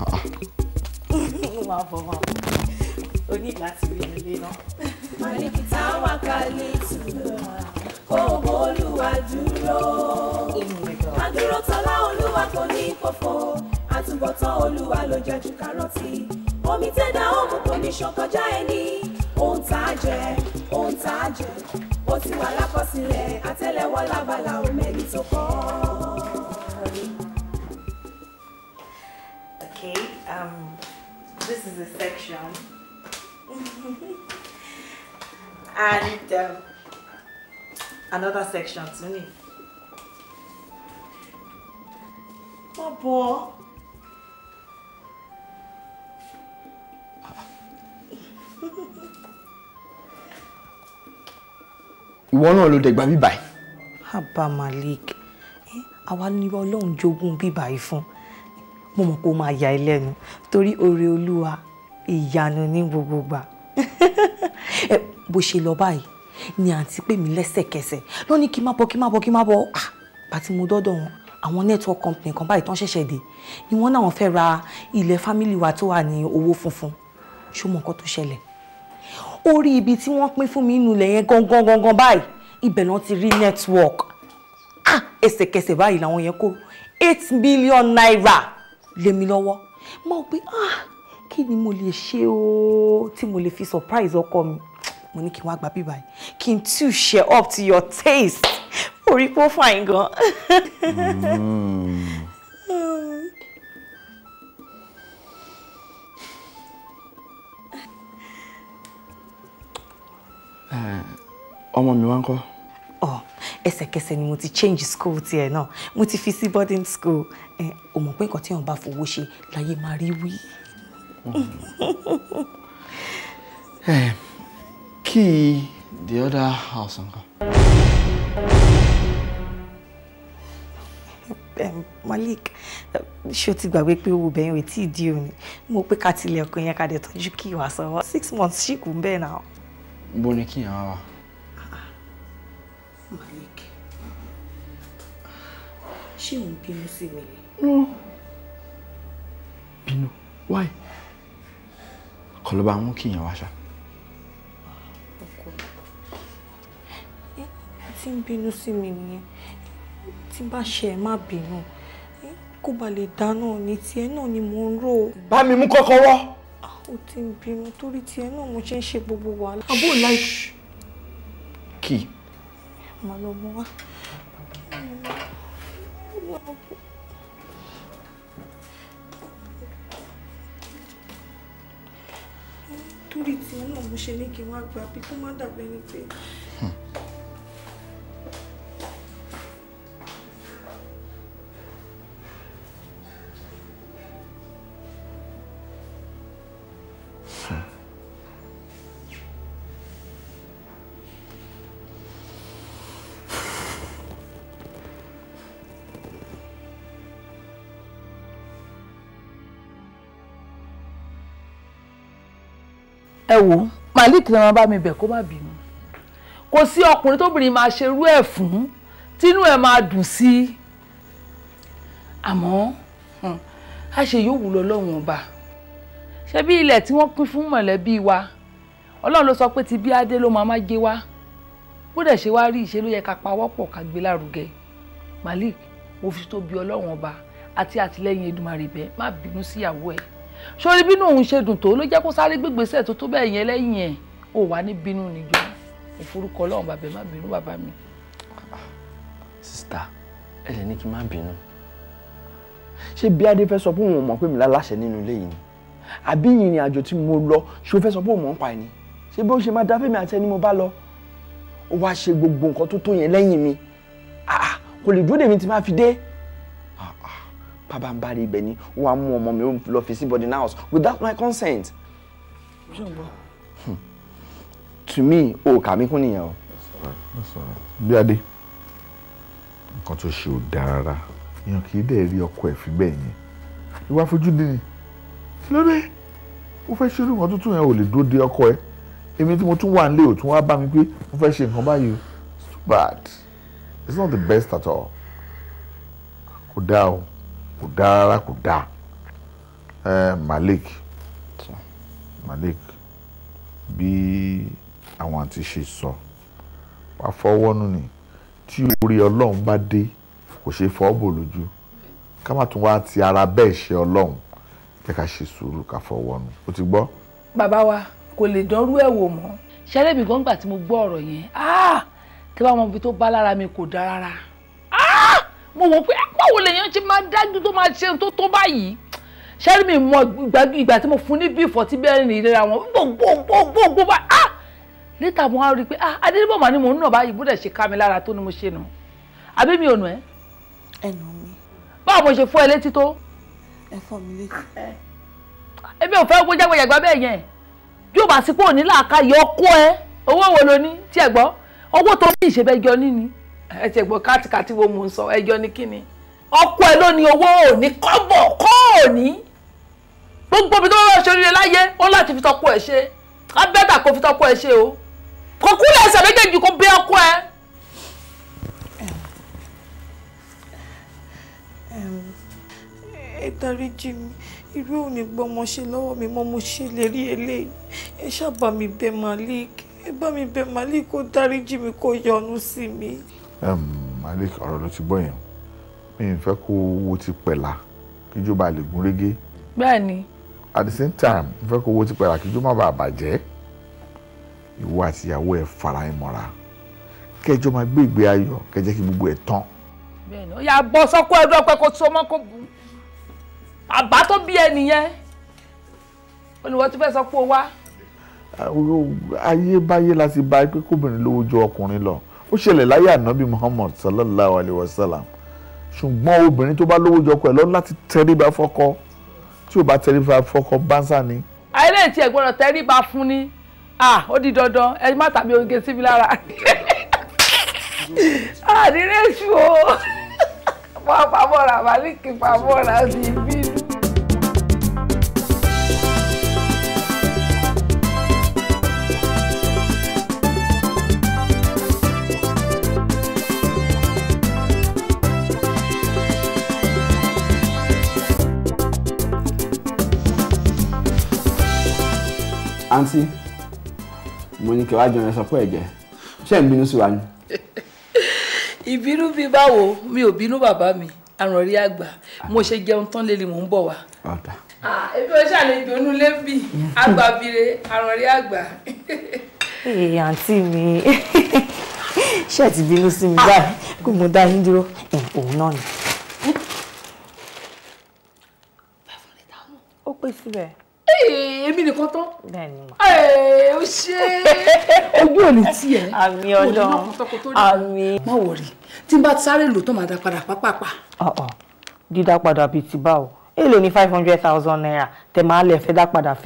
Ah, ah. love of o láti rí ilé náà. màlìkìtà wà kálí tùlọ̀ kó olúwa dúró. adúró tọ́lá olúwa kò ní fòfò àtúbọ̀tán olúwa ló jẹ́ kárọ́tì omi tẹ́dá òmù kò ní ṣokọjá ẹni ohun tá a jẹ ohun tá a jẹ ó ti wà lákọsílẹ̀ àtẹ́lẹwọ́ lábala òmẹ́ni tó kọ́. Okay, um, this is a section and um, another section tún ni wọ́n oh, bọ́ ìwọ náà ló dẹ̀gbà bíbà yìí. abba malik eh, àwa ni ọlọ́run jogún bíbà yìí fún mo mọ̀ pé ó máa ya ẹ torí oore olúwa ìyanu ní gbogbo gbà bó ṣe lọ báyìí ni àǹtí pè mí lẹ́sẹ̀kẹsẹ̀ ló ní kí má bọ̀ kí má bọ̀ kí má bọ̀ àti mo dọ́dọ̀ wọn àwọn network company kan báyìí tán ṣẹ̀ṣẹ̀ dé ni wọ́n náà fẹ́ ra ilẹ̀ fámìlì wa tó wà ní owó funfun ṣó mọ nǹkan tó ṣẹlẹ̀ orí ibi tí wọ́n pín fún mi nulẹ̀ yẹn gangan gangan báyìí ibẹ̀ náà ti rí network ah ẹsẹ̀kẹsẹ̀ báyìí làwọn yẹn kó eight million naira lé mi lọ́wọ́ mo pé ah kí ni mo lè ṣe o tí mo lè fi surprise ọkọ mi mo ní kí n wá gba bíbá yìí kí n too share up to your taste orí pọ̀ fine gan. Hmm. Eh, ọmọ mi wá ń kọ́. ẹsẹ̀kẹsẹ̀ ni mo ti change school tiẹ̀ náà mo ti fi sí boarding school ẹ o mọ̀ pé nǹkan tí wọn bá fowó ṣe láyé máa rí wí hey, eh, key the other house, uncle. Um, Malik, ṣé o ti gbàgbé pé owó bẹ̀yìn ò tí ì di òní? Mo pé ká tilẹ̀ ọkàn yẹn Six months she kù ń bẹ́ẹ̀ náà. Bó Malik, she òun bínú sí mi? No. Pino, why? kọ́ ló bá mú kí èèyàn wá ṣá. ọkọ tí ń bínú sí mi nìyẹn tí bá ṣe ẹ má bínú kó ba lè dáná ní tiẹ̀ náà ni mò ń rò. bá mi mú kọ́kọ́rọ́. Ah, ó ti ń bínú torí tiẹ̀ náà mo ṣe ń ṣe gbogbo wàhálà. àbó láì. kì í. màá lọ torí tiwọn náà mo ṣe ní kí wọn gba bí kó má dàbí ẹni pé ẹ wò Malik ni wọn bá mi bẹ̀ kó má bínú kò sí ọkùnrin tóbìnrin máa ṣerú ẹ̀ fún tínú ẹ̀ máa dùn sí i àmọ́ hmm, a ṣe yóò wúlò lọ́wọ́n ọba ṣé bí ilẹ̀ tí wọ́n pín fún mọ̀lẹ́bí wa ọlọ́run ló sọ pé ti bí adé ló máa má gé wá bó dẹ̀ ṣe wá rí ìṣe ló yẹ ká pawọ́pọ̀ ká gbé lárugẹ Malik mo fi tó bí ọlọ́run ọba àti àtìlẹ́yìn Èdùmàrè bẹ́ẹ̀ má bínú síyàwó ẹ̀ sórí bínú òun ṣe dùn tó ló jẹ́ kó sáré gbégbèsè tó tó bẹ́ẹ̀ yẹn lẹ́yìn ẹ̀ ò wá ní bínú níjọ òforúkọ ọlọ́run bàbá má bínú bàbá mi. sista ẹ lè ní kí n má bínú ṣé bí adé fẹ́ sọ pé òun mọ̀ pé mi láláṣẹ nínú ilé yìí ni àbí ìrìn àjò tí mo lọ ṣó fẹ́ sọ pé òun mọ̀ ń pa ẹni ṣé bí ó ṣe máa dá fẹ́mi àti ẹni mo bá lọ ó wá ṣe gbogbo nǹkan tó tó yẹn lẹ́yìn mi kò lè dúró dèmi tí máa fi dé pabambari ibẹ̀ ni wọ́n á mú ọmọ mi lọ fi sí boarding house without my consent. Hmm. to me o kà mí kún nìyẹn o. bí adé nǹkan tó ṣe ò dáa rárá èèyàn kì í dẹ̀ rí ọkọ ẹ̀ fi bẹ́ẹ̀ yẹn ìwà àfojúdi ni kí ló dé ó fẹ́ ṣerú nǹkan tuntun yẹn ò lè dúró de ọkọ ẹ̀ èmi tí mo tún wà nílé ò tún wá bá mi pé mo fẹ́ ṣe nǹkan báyìí it's too bad it's not the best at all kò dáa o kò dáa rárá kò dáa Malik Malik bí àwọn àti ṣe sọ wá fọwọ́nù ni tí orí ọlọ́run bá dé kò ṣe fọ́ bò lójú ká má tún wá ti ara bẹ́ẹ̀ ṣe ọlọ́run jẹ́ ká ṣe sùúrù ká fọwọ́nù ó ti gbọ́. bàbá wa kò lè dánrú ẹ̀ wò mọ́ ṣẹlẹ́bì gbọ́ngbà tí mo gbọ́ ọ̀rọ̀ yẹn tí ah! wọ́n mọ ibi tó bá lára mi kò dáa rárá mo wò pé eh, báwo lèèyàn ṣe máa dájú tó máa ṣe tó tó báyìí ṣẹ́rí mi mọ ìgbà tí mo fún ní bíi ìfọ̀tí bẹ́ẹ̀ ni ìlera wọn gbogbogbogbogbò bá a ah! létà mo wá rí i pé ah adédébọ̀ mà ni mò ń nà báyìí bó dẹ̀ ṣe ká mi lára tó ni mo ṣe nù àbí mi ò nù ẹ́. ẹ nà mí. báwo mo ṣe fọ́ ẹ létí tó. ẹ fọ́ mi létí. èmi ò fẹ́ kó jágbe yàgbá bẹ́ẹ̀ yẹn bí o bá sí pé òní làákà yọ ọkọ ẹ owó wo lo ní tí ẹ gbọ́ owó tó ní ìṣèbẹ́jọ ní ni ẹ ti gbọ́ kátikàtì wo mò ń sọ ẹjọ́ ní kíni ọkọ ẹ ló ní owó òní kọ́bọ̀ kọ́ òní gbogbo omi tó bá ṣe oríire láyé ó láti fi tọkọ ẹ ṣe abẹ́tà kò fi tọkọ ẹ ṣe o kò kúlẹ̀ ẹsẹ̀ méjèèjì kò bẹ ọkọ ẹ. ẹ dáríjì mi irú òní gbọmọṣe lọ́wọ́ mi mọ́ mo ṣe lè rí eléyìí ẹ ṣáà bá mi bẹ̀ Malik ẹ bá mi bẹ̀ Malik kó dáríjì mi kó yọ́nú sí mi. Malik ọ̀rọ̀ ló ti gbọ́ yẹn mi n fẹ́ kó wo ti pẹ̀lá kíjó ba lè gún régé. bẹ́ẹ̀ni. at the same time n fẹ́ kó wo ti pẹ̀lá kíjó má bàa bàjẹ́ ìwọ àti ìyàwó ẹ fara ẹ mọ́ra kẹjọ máa gbé ìgbé ayọ̀ kẹjẹ kí gbogbo ẹ tán. bẹ́ẹ̀ni ó yà bọ sọkọ ẹdọ pé kò so mọ kó bu àbá tó bí ẹ nìyẹn olùwọ́ tó fẹ́ sọ pé ó wá. ayé báyé la ti bá pé kóbìnrin lówó ju ọkùnrin lọ ó ṣẹlẹ̀ láyé ànábì Muhammad sallallahu alayhi wa sallam ṣùgbọ́n obìnrin tó bá lówó jọkọ ẹ̀ lọ láti tẹríba fọ́kọ tí ò bá tẹríba fọ́kọ bánsá ni. ayélujára ti ẹ̀gbọ́n rẹ̀ tẹríba fún ni ó di dandan ẹ má tàbí oge síbi lára àdírẹ́sù o wọ́n pamọ́ra màlíkì pamọ́ra bíi bíi. àǹtí mo ní kí wàá jẹun ẹsọ pé ẹ̀jẹ̀ ṣé ń bínú sí wa ni. ìbínú bíi báwo mi ò bínú bàbá mi àròrí àgbà mo ṣe jẹun tán lélẹ̀ mò ń bọ̀ wá. ebi o ṣàlejò onú lébì agbábire àròrí àgbà. ee àǹtí mi ṣe ti bínú sí mi báyìí kó mo dá yín dúró òun náà ni. ó pè síbẹ̀ èmi nìkan tán ó ṣe ojú ò ní tiẹ̀ àmì ọlọ́run àmì. má wọrí tí n bá sáré lò tó máa dá padà pápápá. dídá padà bíi ti báwo Ele ni five hundred thousand naira tẹ máa lẹ fẹ́ dá padà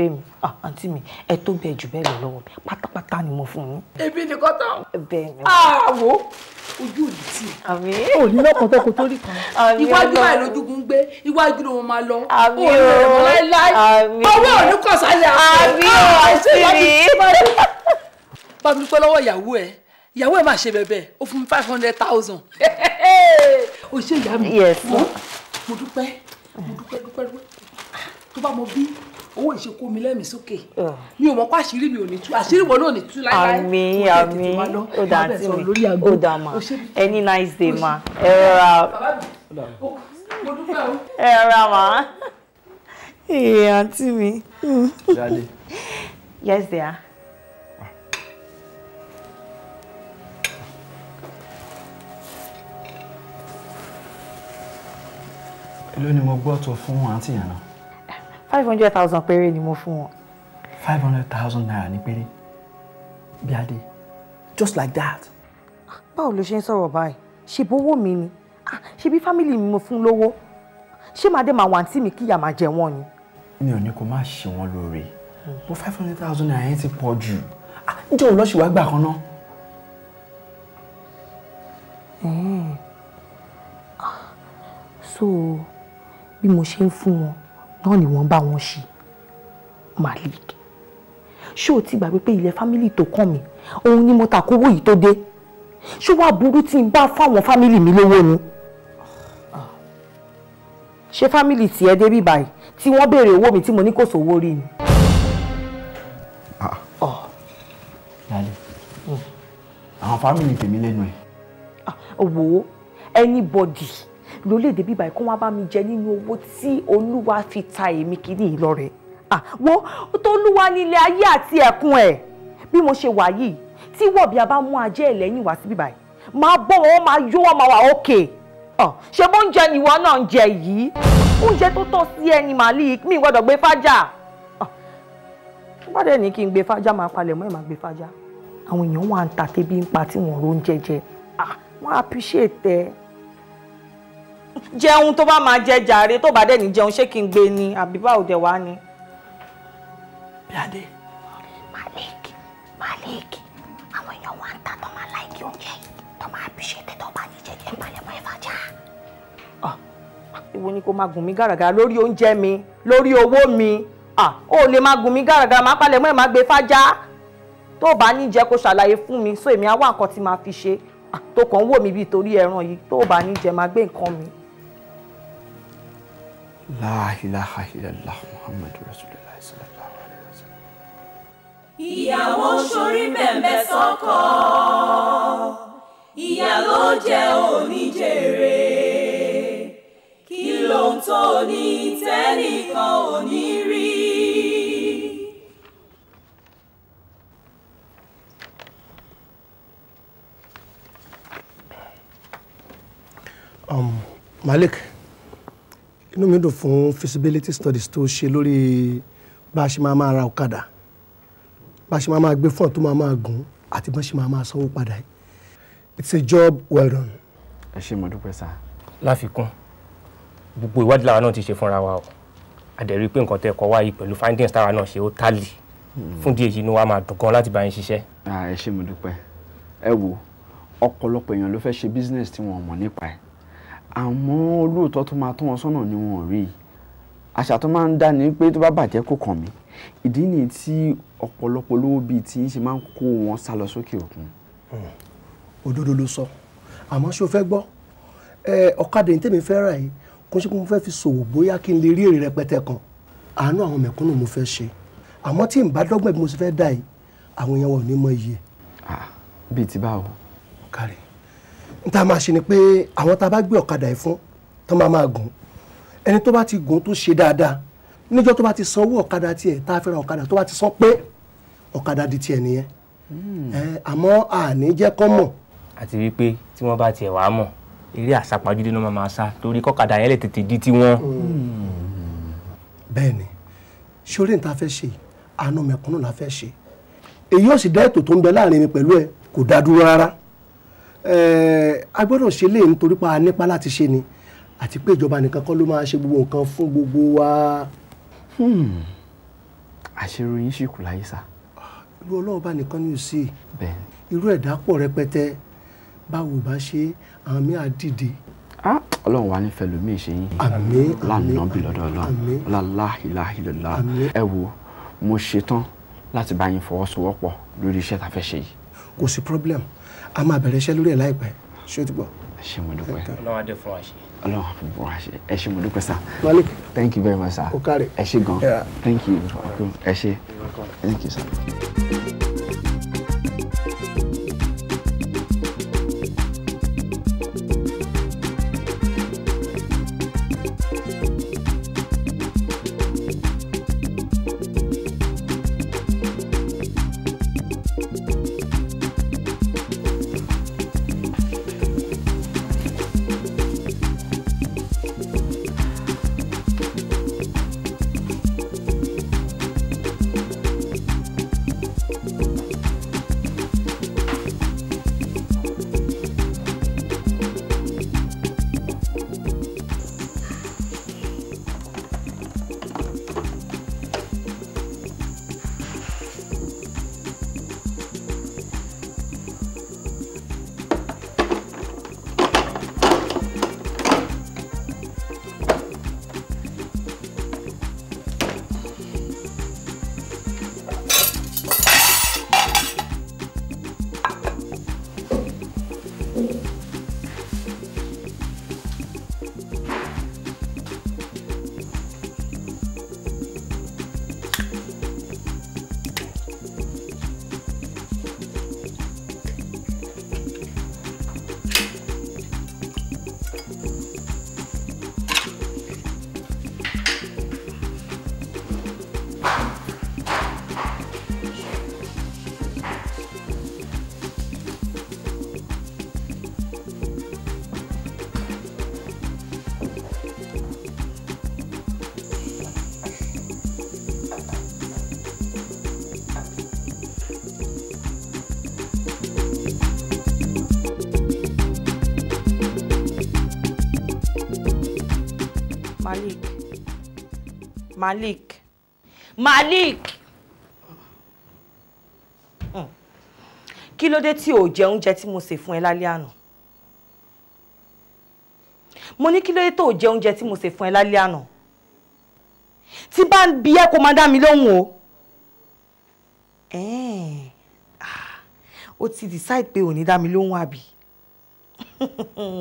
ah àǹtí mi ẹ tó bẹ jù bẹ́ẹ̀ lọ lọ́wọ́ mi pátápátá ni mo fún yín. ebi ni kọ́ tán. bẹ́ẹ̀ ni. àwo ah, ojú òní tì. àmì. ò ní lo tó kò tó rí kan. àmì ọlọ́run iwájú báyìí lójúgun gbé iwájú ni mo máa lọ. àmì o àmì o ọwọ́ òní kọ̀ sálẹ̀ àpò. àmì o ah, àǹtí mi. bá mi pẹ́ lọ́wọ́ ìyàwó ẹ̀ ìyàwó ẹ̀ máa ṣe bẹ̀bẹ̀ ó fún mi five hundred thousand. o ṣe ìyá mi. yes mo dúpẹ́ mo dúpẹ́ dúpẹ́ tó bá mọ bí owó ìṣe mi lẹ́mìí sókè ah. mi ò mọ̀ pé àṣírí mi ò ní tú àṣírí wọn náà ní tú láíláí àmín àmín ó dà tí mi ó dà mà any nice day ma ẹ rà ẹ rà mà ẹ àǹtí mi. yes dear. èló ni mo gbọ́ tó fún àǹtí yẹn náà. five hundred thousand péré ni mo fún wọn. five hundred thousand naira ní péré bí adé just like that. báwo ló ṣe ń sọ̀rọ̀ báyìí ṣe bówó mi ni ah, ṣe bí fámìlì mi mo fún lówó ṣé màá dé màá wà àǹtí mi kíyà máa jẹ wọ́n ni. mi ò ní kó má ṣe wọn lóore bó five hundred thousand naira yẹn ti pọ̀ jù ah, níjọ́ òlọ́ṣì wá gbà kan náà. Ah, so bí mo ṣe ń fún wọn náà ni wọ́n bá wọn ṣe malik ṣé o ti gbàgbé pé ilẹ̀ fámìlì tó kàn mí òun ni mo ta yìí tó dé ṣé wàá burú tí n bá fáwọn fámìlì mi lówó ni ṣé fámìlì tiẹ̀ dé bí báyìí tí wọ́n béèrè owó mi tí mo ní kò sówó rí ni. Ah. Ah. Hmm. àwọn fámìlì tèmi lẹ́nu ẹ̀. Ah, Wo anybody lórílẹ̀‐èdè bíbá ẹ̀ kó wá bá mi jẹ nínú owó tí olúwa fi ta èmi kìíní yìí lọ́rẹ wo tolúwa nílé ayé àti ẹ̀kún ẹ̀ bí mo ṣe wà yìí tí wọ̀bí a bá mú ajé ẹ̀ lẹ́yìn wá sí bíbá ẹ̀ máa bọ́ wọn máa yó wọn máa wà ókè ṣe bó ń jẹ ìwọ náà ń jẹ yìí oúnjẹ tó tọ́ sí ẹni màálí mi gbọ́dọ̀ gbé fájà bá dẹ̀ ní kí n gbé fájá máa palẹ̀ mọ́ ẹ̀ máa gbé fájá àwọn èèyàn wà ń ta tẹ́bí ń pa tí wọ́n ro oúnjẹ jẹ wọ́n appreciate ẹ jẹun tó bá máa jẹ jàre tó bá dẹ̀ ní jẹun ṣé kí n gbé ni àbí báwo dẹ̀ wá ni. Malik Malik àwọn èèyàn wa ń ta tó máa láìkí oúnjẹ yìí tó máa bí ṣe tẹ́tọ́ bá ní jẹjẹ palẹ̀mọ́ ẹ̀fà já. Ah, ìwọ ni kò máa gùn mí gàràgà lórí oúnjẹ mi lórí owó mi ó ah, lè máa gùn mí gàràgà máa palẹ̀mọ́ ẹ̀ máa gbé fájá tó bá ní jẹ kó ṣàlàyé fún mi so èmi á wá nǹkan tí màá fi ṣe ah, tó kàn ń wò mí bíi torí ẹran yìí tó bá ní jẹ máa gbé nǹkan mi. La ilaha illallah Muhammadu Rasulullah sallallahu alayhi wa sallam. Ìyàwó sórí bẹ̀m̀bẹ̀ sọ́kọ, ìyà jẹ́ òní Kí ló ń tó ní tẹ́nìkan ò rí? Um, Malik inú mi dùn fún feasibility studies tó ṣe lórí bá a ṣe máa máa ra ọ̀kadà bá a ṣe máa máa gbé fọ́ọ̀n tó máa máa gùn àti bá a ṣe máa máa sanwó padà yìí it's a job well done. ẹ ṣé mo dúpẹ́ sá. láfikún gbogbo ìwádìí làwa náà ti ṣe fúnra wa o àdẹ̀rí pé nǹkan tẹ́ ẹ̀kọ́ wáyé pẹ̀lú findings tára náà ṣe ó tálì hmm. fún díẹ̀ yìí ni wàá máa dùn gan láti bá yín ṣiṣẹ́. Ah, ẹ ṣé mo dúpẹ́ ẹ wo ọ̀pọ̀lọpọ̀ èèyàn ló fẹ́ ṣe business tí wọ́n mọ̀ nípa ẹ̀ àmọ́ olóòótọ́ tó máa tọ́ wọn sọ́nà ni wọn ò rí i àṣà tó máa ń dá ni pé tó bá bàjẹ́ kò kàn mí ìdí nìyí tí ọ̀pọ̀lọpọ̀ olówó bíi ti ń ṣe máa ń kó wọn sá lọ sókè òkun. Hmm. òdodo ló sọ àmọ́ ṣé o fẹ́ gbọ́ ọ̀kadà ní tèmi fẹ́ rà yìí kó ṣe kó mo fẹ́ fi ṣòwò bóyá kí n lè rí èrè rẹpẹtẹ kan àánú àwọn mẹ̀kúnnù mo fẹ́ ṣe àmọ́ tí n bá dọ́gbọ̀n bí mo ṣe fẹ́ dà yìí àwọn èèyàn wọn ò ní mọ iye. bíi ti báwo. kárí n ta máa ṣe ni pé àwọn tá a bá gbé ọ̀kadà yìí fún tó máa máa gùn ẹni tó bá ti gùn tó ṣe dáadáa níjọ́ tó bá ti san owó ọ̀kadà tiẹ̀ tá a fẹ́ ra ọ̀kadà tó bá ti san pé ọ̀kadà di tiẹ̀ nìyẹn hmm. àmọ́ àní jẹ́ kọ́ mọ̀. àti wípé tí wọ́n bá tiẹ̀ wàá mọ̀ eré àsápajúdé náà máa sá torí kọ́kadà yẹn lè tètè di tiwọn. Hmm. bẹ́ẹ̀ni ṣoré ní ta fẹ́ ṣe àánú mẹ̀kúnnù la fẹ́ ṣe èyí ò sì dá ètò tó ń bẹ láàrin mi pẹ̀lú ẹ kò dá dúró rárá. Eh, a gbọ́dọ̀ ṣe léyìn nítorí pa nípa láti ṣe ni àti pé ìjọba nìkan kọ́ ló máa ṣe gbogbo nǹkan fún gbogbo wa. Hmm. àṣírí yín sì kù láyé sá. irú ọlọ́run bá nìkan ní òsì irú ẹ̀dá pọ̀ rẹpẹtẹ báwo bá ṣe àmì àdìdì. ọlọ́run wa nífẹ̀ẹ́ lómi ìṣe yín lánàá bí lọ́dọ̀ ọlọ́run láláhìláhìlọ́lá ẹ wo mo ṣetán láti bá yín fọwọ́sowọ́pọ̀ lórí iṣẹ́ tá a fẹ́ ṣe yìí. kò sí problem a máa bẹ̀rẹ̀ iṣẹ́ lórí ẹ̀ láìpẹ́ ṣé o ti gbọ́. ẹ ṣé mo dúpẹ́ ọlọ́run adé fún wa ṣe. ọlọ́run adé fún wa ẹ ṣé mo dúpẹ́ sá. malik thank you very much sir. o káre ẹ ṣé gan thank you ẹ ṣé thank you sir. Malik Malik hmm. kí ló dé tí ò jẹ oúnjẹ tí mo sè fún ẹ lálẹ́ àná mo ní kí ló dé tó jẹ oúnjẹ tí mo sè fún ẹ lálẹ́ àná tí bá ń bi ẹ máa dá mi lóhùn o ó ah, ti decide pé ò ní dá mi lóhùn àbí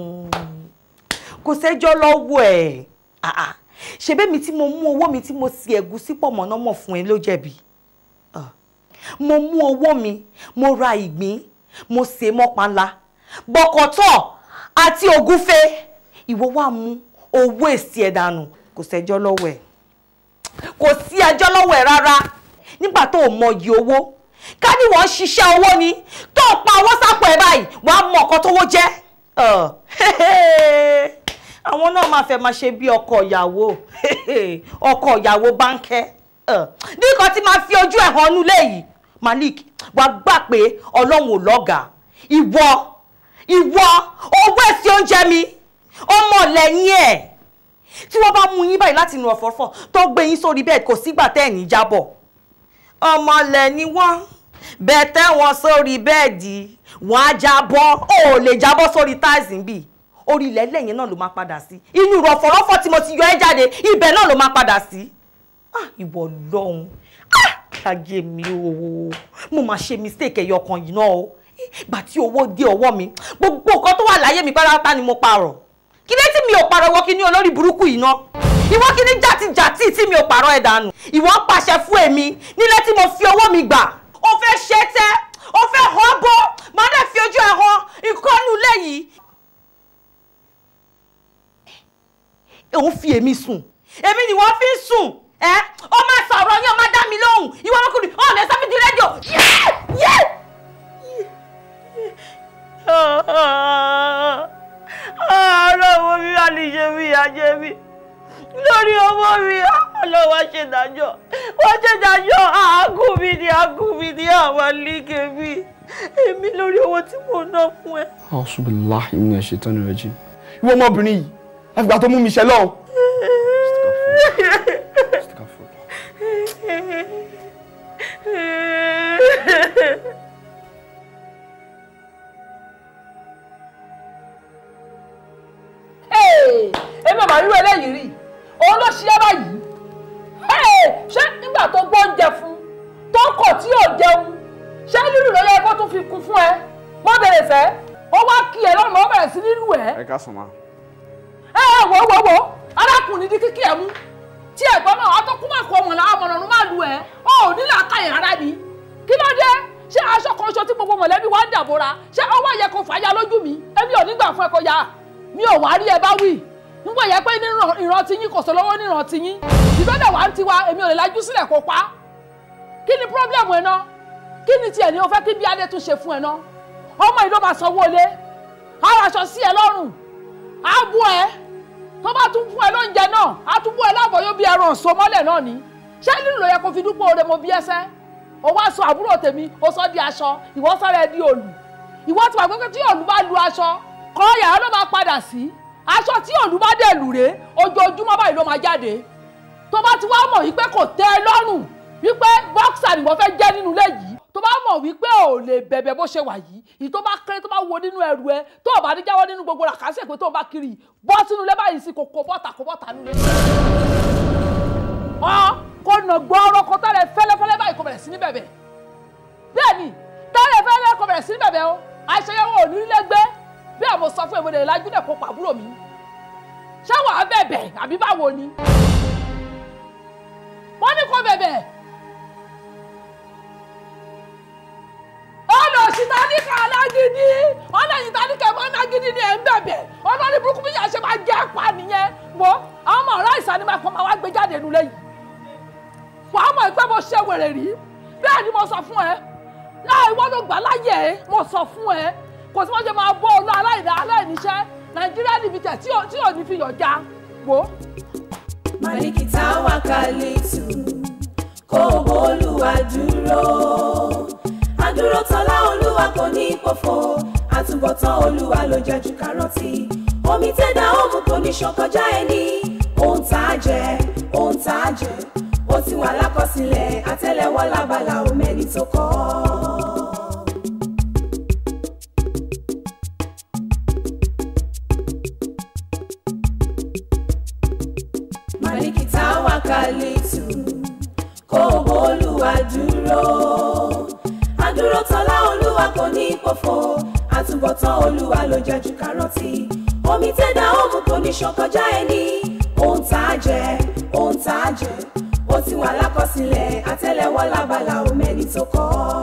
kò sẹ́jọ́ lọ́wọ́ ẹ̀ ah, ah sebe mi tí mo mú owó mi tí mo sì ẹ̀gúsí pọ̀ mọ́nàmọ́ fún ẹ ló jẹ̀bi mo mú owó mi mo ra ìgbín mo sè mọ́ panla bọ̀kọ̀tọ̀ àti ògúfe ìwọ wá mú owó èsì ẹ̀ dànù kò sẹ́jọ́ lọ́wọ́ ẹ̀ kò sí ẹjọ́ lọ́wọ́ ẹ̀ rárá nígbà tó o mọyì owó ká ní wọ́n ṣiṣẹ́ owó ni tó o pa owó sápò ẹ̀ báyìí wàá mọ ọ̀kan àwọn náà máa fẹ́ máa ṣe bí ọkọ ìyàwó ọkọ ìyàwó báńkẹ́ nìkan tí máa fi ojú ẹ̀ hàn nulẹ̀ Malik wà gbà pé ọlọ́run ò lọ́gàá ìwọ ìwọ owó èsì oúnjẹ mi ọmọ lẹ́yìn ẹ̀ tí wọ́n bá mú yín báyìí láti inú ọ̀fọ̀fọ̀ tó gbé yín sórí bẹ́ẹ̀ kò sígbà tẹ́ ẹ̀ ní jábọ̀ ọmọ lẹ́ni wọ́n bẹ́ẹ̀ tẹ́ wọn sórí bẹ́ẹ̀dì wọ́n á jábọ́ ò lè jábọ́ sórí táìsì bíi Ori ilẹ̀ lẹ́yìn náà ló máa padà sí inú rọ̀fọ̀rọ̀fọ̀ tí mo ti yọ ẹ́ jáde ibẹ̀ náà ló máa padà sí ah, ìwọ lọ́hùn ayé ah, mi o mo máa ṣe mistake ẹ̀yọ kan yìí náà o ìgbà tí owó dé ọwọ́ mi gbogbo nǹkan tó wà láyé mi pátápátá ni mo pààrọ̀ kí lé tí mi ò pààrọ̀ wọ́n kí ní olórí burúkú yìí náà ìwọ kí ní jàtijàti tí mi ò pààrọ̀ ẹ̀ dànù ìwọ ń pàṣẹ fún èmi nílé tí mo fi ọwọ́ mi gbà o fẹ́ ṣẹ́tẹ́ o fẹ́ hàn bó máa dẹ̀ fi ojú ẹ̀ hàn ìkọ́nú lẹ́yìn òun fi èmi sùn èmi ni wọ́n fi ń sùn ẹ ó máa sọ̀rọ̀ yín ó máa dá mi lóhùn ìwọ ọmọkùnrin ó lè sọ́fí di yé yé. ọ̀rọ̀ wo mi wá ní ṣe mí àjẹ́ mi lórí ọmọ mi ọlọ́wọ́ ṣèdájọ́ wọ́n ṣèdájọ́ àágùn mi ni àágùn mi ni àwọn àlíkè mi èmi lórí owó tí mo ná fún ẹ. àwọn ṣùgbọ́n láàyè ní ẹ̀ṣẹ̀ tán ni rẹ̀ jìn ìwọ ọmọbìnrin yìí ẹgbà tó mú mi ṣe lọ. èmi ò máa rí eléyìí rí òun ló ṣe é báyìí ṣé nígbà tó gbóúnjẹ fún tó ń kọ̀ tí ò jẹun ṣé lílù ló yẹ kó tún fi kún fún ẹ wọ́n bẹ̀rẹ̀ sẹ́ wọ́n wá kí ẹ lọ́nà wọ́n bẹ̀rẹ̀ sí lílù ẹ. ẹ ká sùn máa ẹ ẹ wò wò wò arákùnrin di kíkí ẹ mú tí ẹ̀gbọ́n náà ọtọ́ kú máa kọ ọmọ náà ọmọ náà máa lu ẹ ọ ò ní làákàyè rárá ni kí ló dé ṣé aṣọ kan ṣo tí gbogbo mọ̀lẹ́bí wa ń dàbòra ṣé ọwọ́ yẹ kó fàáyà lójú mi èmi ò ní gbà fún ẹ kó ya mi ò wá rí ẹ bá wì nígbà yẹ pé ìrántí yín kò sọ lọ́wọ́ ní ìrántí yín ìgbọ́dọ̀ wá ń tiwa èmi ò lè lajú sílẹ̀ kó pa kí ni pírọ́blẹ̀mù ẹ̀ náà kí ni tiẹ̀ ni o fẹ́ kí bí adé tún ṣe fún ẹ náà ọmọ yìí ló máa sanwó ilé á raṣọ sí ẹ lọ́rùn á bú ẹ tó bá tún fún ẹ lóúnjẹ náà á tún fún ẹ láàbọ̀yọ́ bí ẹran ọ̀sọ́ mọ́lẹ̀ náà ni ṣé lílo yẹ kó fi dúpọ̀ oore mo bí ẹsẹ́ o wá sọ àbúrò tèmi o sọ di aṣọ ìwọ sọ̀rọ̀ ẹ di òòlù ìwọ ti wà pé tí òòlù bá lu aṣọ kọ́ yàrá ló máa padà sí aṣọ tí òòlù bá dẹ̀ lù rèé ojoojúmọ́ báyìí ló máa jáde tó bá ti wá mọ̀ yìí pé kò tẹ́ ẹ lọ́rùn wípé bọ́ksà ni mo fẹ́ jẹ́ nínú ilé yìí tó bá mọ̀ wípé ò lè bẹ̀bẹ̀ bó ṣe wà yìí ìyí tó bá kéré tó bá wo nínú ẹrù ẹ tó o bá ní jáwọ́ nínú gbogbo ràkàṣẹ́ pé tó o bá kiri bọ́ sínú ilé báyìí sí kòkó bọ́ta kò bọ́ta nílé. ọ kò nà gbọ́rọ̀ kó tẹ́lẹ̀ fẹ́lẹ́fẹ́lẹ́ báyìí kò bẹ̀rẹ̀ sí ní bẹ̀bẹ̀ bẹ́ẹ̀ ni tẹ́lẹ̀ fẹ́lẹ́ kò bẹ̀rẹ̀ sí ní bẹ̀bẹ̀ o àṣeyọwọ́ ò ní lẹ́gbẹ́ bẹ́ẹ̀ mo sọ fún ìwé ìlàjú náà kó pàbúrò mi ṣé wàá bẹ̀bẹ̀ àbí báwo olùsìtá ní ká alágídí ọlọ́yin tá ní kẹ́ mọ́ alágídí ni ẹ̀ ń bẹ̀bẹ̀ ọlọ́ni burúkú bí yàrá ṣe máa jẹ́ apá nìyẹn wo àwọn ọmọ ọ̀rá ìsàní máa kọ́ máa wá gbé jáde nulẹ̀ yìí wàá mọ̀ pé mo ṣe wèrè rí bẹ́ẹ̀ ni mo sọ fún ẹ láì wọ́n ló gbà láyè ẹ mo sọ fún ẹ kò sí wọ́n ṣe máa bọ́ olú aláìní aláìníṣẹ́ nàìjíríà limited tí ò ní fi yọ̀ já wo. Malikita Wakalitu kò bólú àdúró adúró tọ́lá olúwa kò ní pòfo àtúbọ̀tán olúwa ló jẹ́ ju kárọ́tì omi tẹ́dá òmù kò ní ṣàn kọjá ẹni ohun tá a jẹ ohun tá a jẹ ó ti wà lákọsílẹ̀ àtẹ́lẹwọ́ lábala òmẹ́ni tó kọ́ ọ. kàlìtù kò bólúwa dúró àdúró tọ́lá olúwa kò ní pòfo àtúbọ̀tán olúwa ló jẹ́ ju kárọ́tì omi tẹ́dá òmù kò ní ṣàn kọjá ẹni ohun tá a jẹ ohun tá a jẹ ó ti wà lákọsílẹ̀ àtẹ́lẹwọ́ lábala òmẹ́ni tó kọ́ ọ.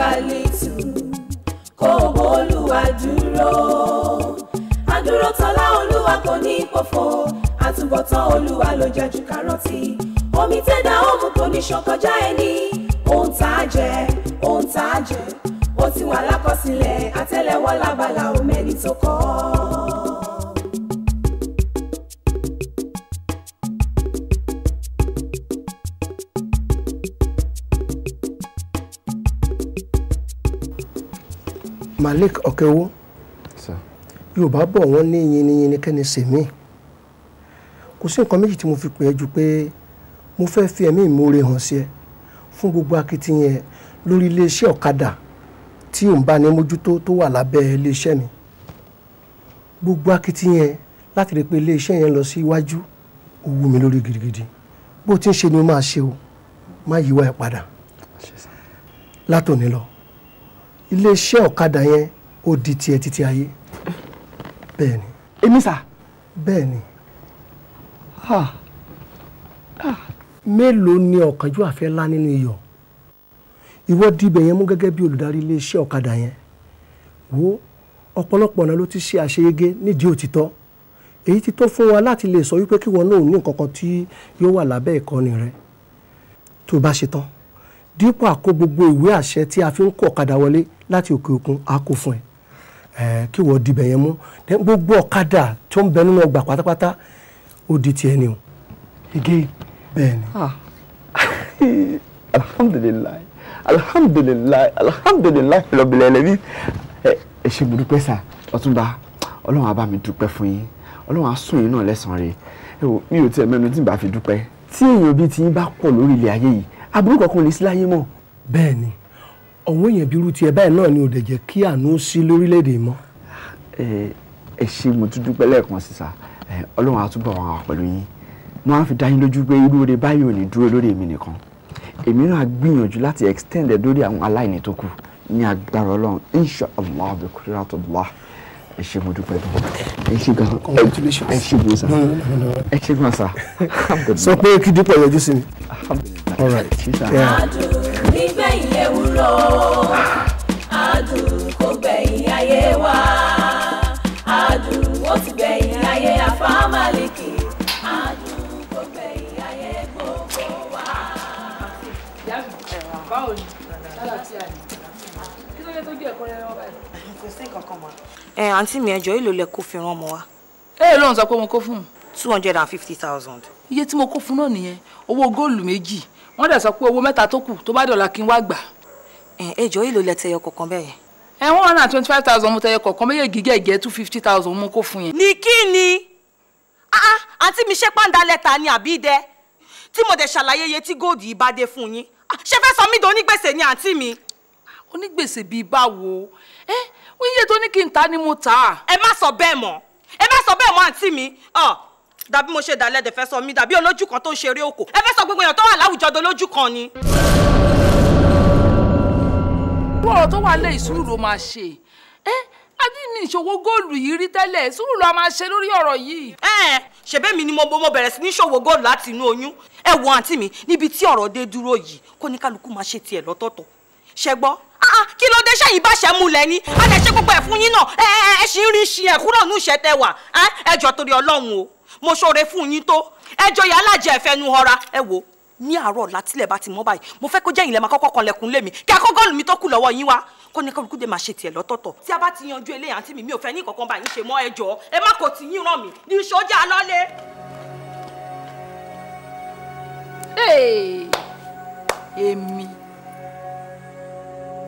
kàlítù kò bólúwa àdúró tọ́lá olúwa kò ní pòfo àtúbọ̀tán olúwa ló jẹ́ kárọ́tì omi tẹ́dá òmù kò ní ṣọkọjá ẹni ohun tá a jẹ ohun tá a jẹ ó ti wà lákọsílẹ̀ àtẹ́lẹwọ́ lábala omẹ́ni tó kọ́ Malik Okewo. Okay, yorùbá bọ̀ wọ́n ní yinyinyin kẹ́ni sèmi kò sí nǹkan méjì tí mo fi pè é ju pé mo fẹ́ fi ẹ̀mí ìmoore hàn sí ẹ fún gbogbo akitiyan ẹ lórí iléeṣẹ́ ọ̀kadà tí ò ń bá ní mójútó tó wà lábẹ́ iléeṣẹ́ mi gbogbo akitiyan ẹ láti rí i pé iléeṣẹ́ yẹn lọ sí iwájú ó wú mi lórí gidigidi bó ti ń ṣe ni ó máa ṣe o má yíwá ẹ padà látòní lọ iléeṣẹ́ ọ̀kadà yẹn ó di tiẹ̀ títí ayé bẹ́ẹ̀ ni. èmi sà. bẹ́ẹ̀ ni. mélòó ni ọ̀kánjú àfẹ́ lá nínú iyọ̀ ìwọ dibẹ̀ yẹn mú gẹ́gẹ́ bí olùdarí iléeṣẹ́ ọ̀kadà yẹn wo ọ̀pọ̀lọpọ̀ ọ̀nà ló ti ṣe àṣeyege nídìí òtítọ́ èyí ti tó fún wa láti lè sọ wípé kíwọ náà ò ní nǹkan kan tí yóò wà lábẹ́ ìkọ́ni rẹ tó bá ṣe tán dípò àkó gbogbo ìwé àṣẹ tí a fi ń kó ọ̀kadà wọlé láti òkè òkun a fún ẹ Eh, kí wọ́n dibẹ̀ yẹn mú gbogbo ọ̀kadà tó ń bẹ nínú ọgbà pátápátá ó di tiẹ̀ ni o again bẹ́ẹ̀ ni. alhamdulilayi alhamdulilayi alhamdulilayi rabbil alamin eh, ẹ ṣé mo dúpẹ́ sà ọ̀túnba ọlọ́run á bá mi dúpẹ́ fún yín ọlọ́run á sùn yín náà lẹ́sàn-án rẹ̀ mi ò tiẹ̀ mẹ́nu tí n bá fi dúpẹ́ tí èèyàn bíi tiyín bá pọ̀ lórí ilẹ̀ ayé yìí aburú kankan ò ní sí láyé mọ́. bẹ́ẹ̀ ni ọ̀wọ́n èèyàn bí irú tiẹ̀ báyìí náà ni ò dẹ̀ jẹ́ kí àánú sí lórílẹ̀‐èdè mọ́. ẹ ṣe mo tún dúpẹ́ lẹ́ẹ̀kan sísá ọlọ́run àtúbọ̀ wọn àwọn pẹ̀lú yín mo á fi dá yín lójú pé irú oore báyìí ò ní dúró lórí èmi nìkan èmi náà gbìyànjú láti extend lórí àwọn aláìní tó kù ní agbára ọlọ́run insha allah bi kuratullah ẹ ṣe mo dúpẹ́ gan ẹ ṣe gan ẹ ṣe gan sa mm-hmm. ẹ ṣe gan sa. sọ pé kí dípò yọjú sí mi. all right. Yeah gbẹ̀yìn ewúro adùn kò wa adùn ó ti gbẹ̀yìn ayé àfámálìkì adùn kò gbẹ̀yìn ayé wa. báwo ni kí ló dé tó gbé ẹ̀kọ́ rẹ̀ wọ́n báyìí. kò àǹtí mi ẹjọ́ èlò lẹ kó fi rán ọmọ wa. ẹ lóun sọ pé mo kó fún un. two hundred and fifty thousand. iye tí mo kó fún náà nìyẹn owó góòlù méjì wọ́n dẹ̀ sọ pé owó mẹ́ta tó kù tó bá dọ̀la kí n wá gbà. ẹ jọ èlò lẹ tẹyọ kọ̀ọ̀kan bẹ́ẹ̀ yẹn. ẹ one hundred and twenty five thousand mo tẹyọ kọ̀ọ̀kan méjèèjì gẹ̀ẹ́gẹ́ two fifty thousand mo kó fún yẹn. ní kí ni ah, ah, àǹtí mi ṣe pàǹdà lẹ́tà ni àbí dẹ tí mo dẹ̀ ṣàlàyé iye tí góòdù yìí bá dé fún yín ah, ṣé fẹ́ sọ mí di onígbèsè ni àǹtí mi. onígbèsè bíi báwo ẹ iye tó ní kí n ta ni mo ta. ẹ má sọ bẹ́ẹ̀ mọ́ ẹ má sọ bẹ́ẹ̀ mọ́ àǹtí mi dàbí mo ṣe dàlẹ́ dẹ̀ fẹ́ sọ mí dàbí olójú kan tó ń ṣeré òkò ẹ fẹ́ sọ gbogbo èèyàn tó wà láwùjọ do lójú kan ni. wọ́n tó wà lé ìṣúrù ló máa ṣe ẹ́ adínmí ìṣòwò góòlù yìí rí tẹ́lẹ̀ sùúrù la máa ṣe lórí ọ̀rọ̀ yìí. ẹ ẹ ṣèbẹ́mi ni mo mo bẹ̀rẹ̀ sí ní ṣòwò góòlù láti inú oyún ẹ wo àǹtí mi níbi tí ọ̀rọ̀ dé dúró yìí kó ní kálukú máa ṣe tiẹ̀ lọ́tọ̀ọ̀tọ̀ ṣẹ gbọ́ ah, ah, kí ló dé sẹ́yìn bá ṣẹ́ múlẹ̀ ni a lè ṣe gbogbo ẹ̀ fún yín náà ẹ ẹ ẹ ṣì ń rí ṣin ẹ̀kúrò ní ìṣẹ́tẹ̀ wà ẹ jọ torí Ọlọ́run o mo ṣoore fún yín tó ẹ joyè alájẹ ẹfẹnu ọra ẹ wò ní àárọ̀ látílẹ̀ bá ti mọ́ báyìí mo fẹ́ kó jẹ́ ìlẹ̀ máa kọ́kọ́ kan lẹ̀kùn lé mi kí akọ́gọ́ọ̀lù mi tó kù lọ́wọ́ yín wá kó ní kọ́lùkù máa ṣe tiẹ̀ lọ́tọ̀ọ̀tọ̀ tí a bá ti yanjú eléyà àǹtí mi mi ò fẹ́ ní kankan bá ṣe mọ́ ẹ ẹ má kò tí yín ràn mí ní sójà lọ́lẹ̀. èmi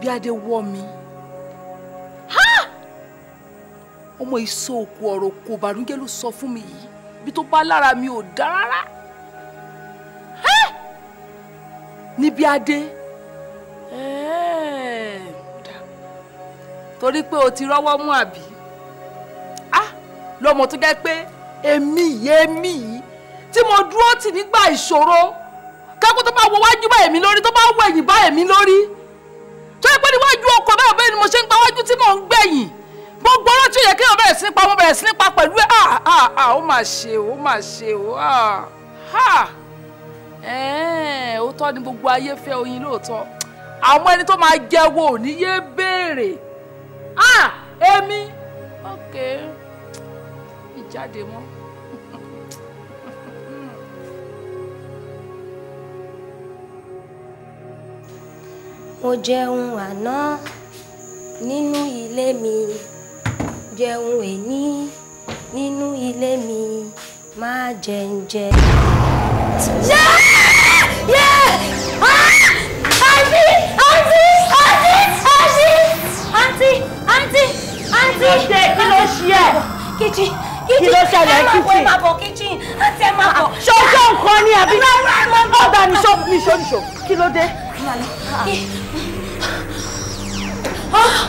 bí adé wọ́ mi ọmọ ìsọ òkú ọ̀rọ̀ kò bàrúngẹ́ ló sọ fún mi yìí bí tó bá lára mi ò dá rárá níbi adé torí pé o ti rọ́wọ́ mú àbí ah, lọ́mọ tó jẹ́ pé èmi yìí èmi yìí tí mo dúró tì nígbà ìṣòro kákó tó bá wọ wájú bá èmi lórí tó bá wọ ẹ̀yìn bá èmi lórí tó yẹ pé níwájú ọkọ̀ bẹ́ẹ̀ bẹ́ẹ̀ ni mo ṣe ń gba wájú tí mò ń gbẹ̀yìn gbogbo ọ̀rọ̀ yẹ kí wọ́n bẹ̀rẹ̀ sí nípa wọ́n bẹ̀rẹ̀ sí nípa pẹ̀lú ẹ̀ ah ah ah ó mà ṣe ó mà ṣe ó ah ha ah. ni gbogbo ayé fẹ́ oyin lóòótọ́ àwọn ẹni tó máa jẹ́wọ́ ò ní yé béèrè ah èmi ok ìjáde mọ́. mo jẹun àná nínú ilé mi jẹun èní nínú ilé mi máa jẹun jẹ. Ah! àǹtí àǹtí àǹtí àǹtí àǹtí àǹtí àǹtí kí ló ṣe ẹ kíjì kí ló ṣẹlẹ̀ kíjì ẹ máa bọ̀ kíjì àǹtí ẹ máa bọ̀. ṣọjọ́ nǹkan ni àbí ọ̀dà nìṣó nìṣó nìṣó kí ló dé. Ah!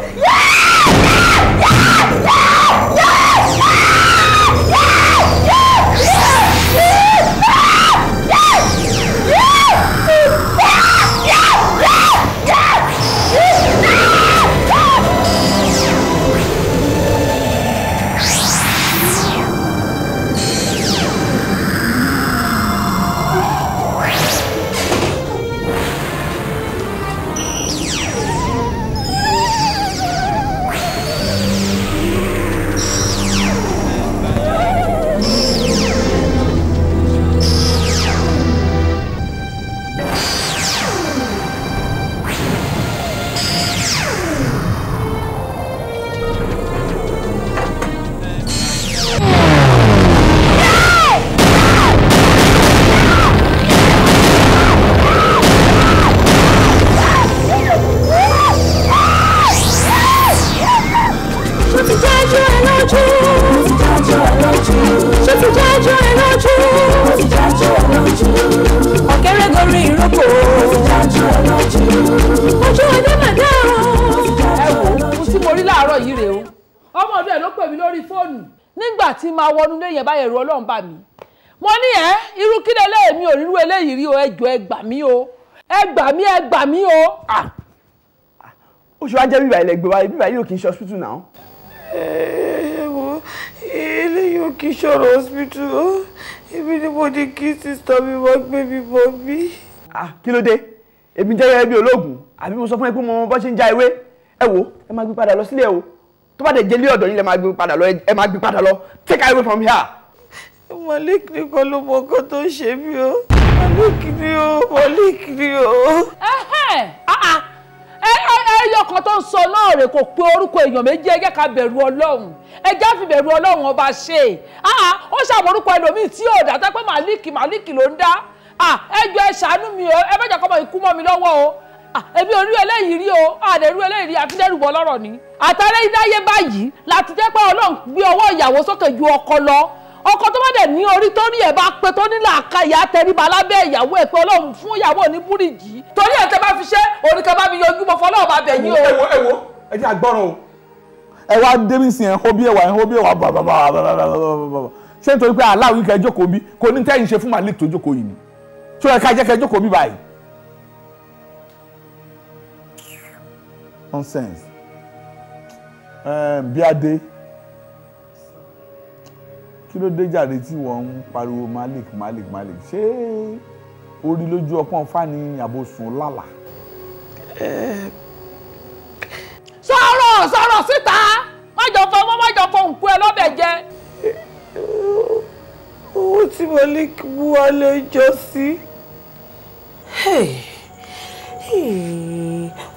yẹn báyẹn ẹ̀rù ọlọ́run bà mí mo ní ẹ irú kí lè léèmí ò rírú eléyìí rí o ẹ jọ ẹ gbà mí o ẹ gbà mí ẹ gbà mí o. oṣù ajẹ́ bíbá ilẹ̀ gbé wa bíbá yóò kì í ṣe hospital náà. ẹ ẹ wo eléyìí ò kì í ṣọ̀rọ̀ hospital o ibi ni mo ní kí sísọ mi wọ́n gbé mi mọ́ bí. kí ló dé èmi jẹ́ gẹ́gẹ́ bí olóògùn àbí mo sọ fún ẹ pé mo mọ bó ṣe ń já ewé ẹ wo ẹ máa gbé padà lọ sílé o tó bá dẹ̀ jẹ́ ilé ọ̀dọ̀ yín lẹ́ máa gbé padà lọ ẹ máa gbé padà lọ take away from here. Malik nìkan ló mọ ọkọ tó ń ṣe mí o Malik ni o Malik ni o. ẹyọ ah, ah! kan tó ń sọ náà rè kò pé orúkọ èèyàn méjì ẹ jẹ́ ká bẹ̀rù ọlọ́run ẹ já fi bẹ̀rù ọlọ́run ọba ṣe ah, ó ṣàmọ̀rúkọ ẹlòmíì tí ò dá tẹ́ pé Malik Malik ló ń dá ẹjọ́ ẹ ṣàánú mi o ẹ bẹ́ẹ̀ jẹ́ kọ́mọ ikú mọ́ mi lọ́wọ́ o ẹbí orí eléyìí rí o àdẹ̀rú eléyìí rí àtúndẹ̀rùbọ̀ lọ́rọ̀ ni àtàlẹ́ idáyé báyìí láti jẹ́ pé ọlọ́run gbé ọwọ́ ìyàwó sókè ju ọkọ lọ ọkọ tó bá dẹ̀ ní orí tó ní ẹ̀ bá pé tó ní làákàyà tẹríba lábẹ́ ìyàwó ẹ̀ pé ọlọ́run fún ìyàwó ní búrìjì torí ẹ̀ tẹ́ bá fi ṣe oríkan bá mi yọjú mọ́ fọlọ́ọ̀ bá bẹ̀ yín o. ẹ wo ẹ wo ẹ jẹ́ àgbọ̀ràn o ẹ wá débìsì ẹ̀ ń hó bí ẹ̀wà ẹ̀ ń hó bí ẹ̀wà bàbàbàbàbàbà ṣé nítorí pé aláwìí kẹjọ́ kò bí kò ní tẹ́yìn ṣe fún màlík tó jókòó yìí ni ṣó ẹ ká jẹ́ kẹjọ́ kò bí báyìí nonsense um, Bíadé kí ló dé jàre tí wọ́n ń pariwo Malik Malik Malik ṣé orí lójú ọpọ́n fani àbòsùn lálà. sọ̀rọ̀ sọ̀rọ̀ síta má jọ fọ ọmọ má jọ fọ òǹkú ẹ lọ́bẹ̀ jẹ. owó tí Malik mú wálé jọ sí. Hey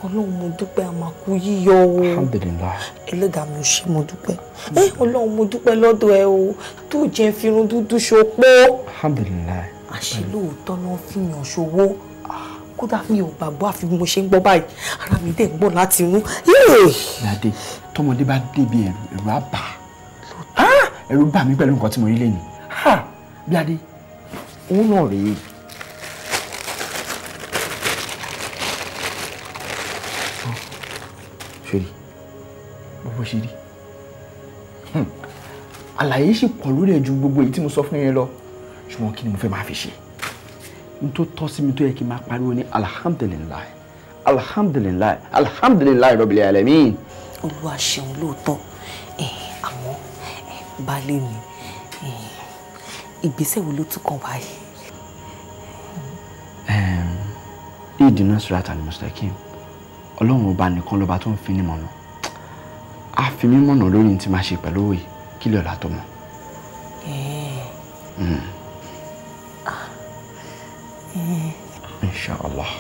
ọlọ́run mo dúpẹ́ àmàkù yíyọ o alhamdulillah ẹlẹ́dàá mi ò ṣe mo dúpẹ́ ọlọ́run mo dúpẹ́ lọ́dọ̀ ẹ o tó jẹ́ firun dúdú ṣopó alhamdulillah àṣelóòótọ́ náà fi yàn ṣòwò kódà mi ò gbàgbọ́ àfi bí mo ṣe ń gbọ́ báyìí ara mi dẹ̀ ń gbọ́ láti inú. ìyáde tọmọdé bá débi ẹ̀rù ẹ̀rù á bà á ẹ̀rù bà pẹ̀lú nǹkan tí mo rí lẹ́nu bí adé òun náà rèé ṣòrí bobo ṣe rí hmm. àlàyé sì pọ̀ lórí ẹ̀ ju gbogbo èyí tí mo sọ fún yín lọ ṣùgbọ́n kí ni mo fẹ́ máa fi ṣe n tó tọ́ sí mi tó yẹ kí n máa pariwo ní alhamdulilayi alhamdulilayi alhamdulilayi rabbil alamin. olúwa ṣeun lóòótọ́ àmọ́ baálé mi ìgbésẹ̀ wo ló tún kàn wáyé. ìdí Nasrat al-Mustaqim ọlọ́run ọba nìkan lọ́ba tó ń fi ní mọ̀nà a fi mí mọ̀nà lórí ní ti máa ṣe pẹ̀lú òye kí lè ọ̀la tó mọ̀. Hmm. Ah. inshallah.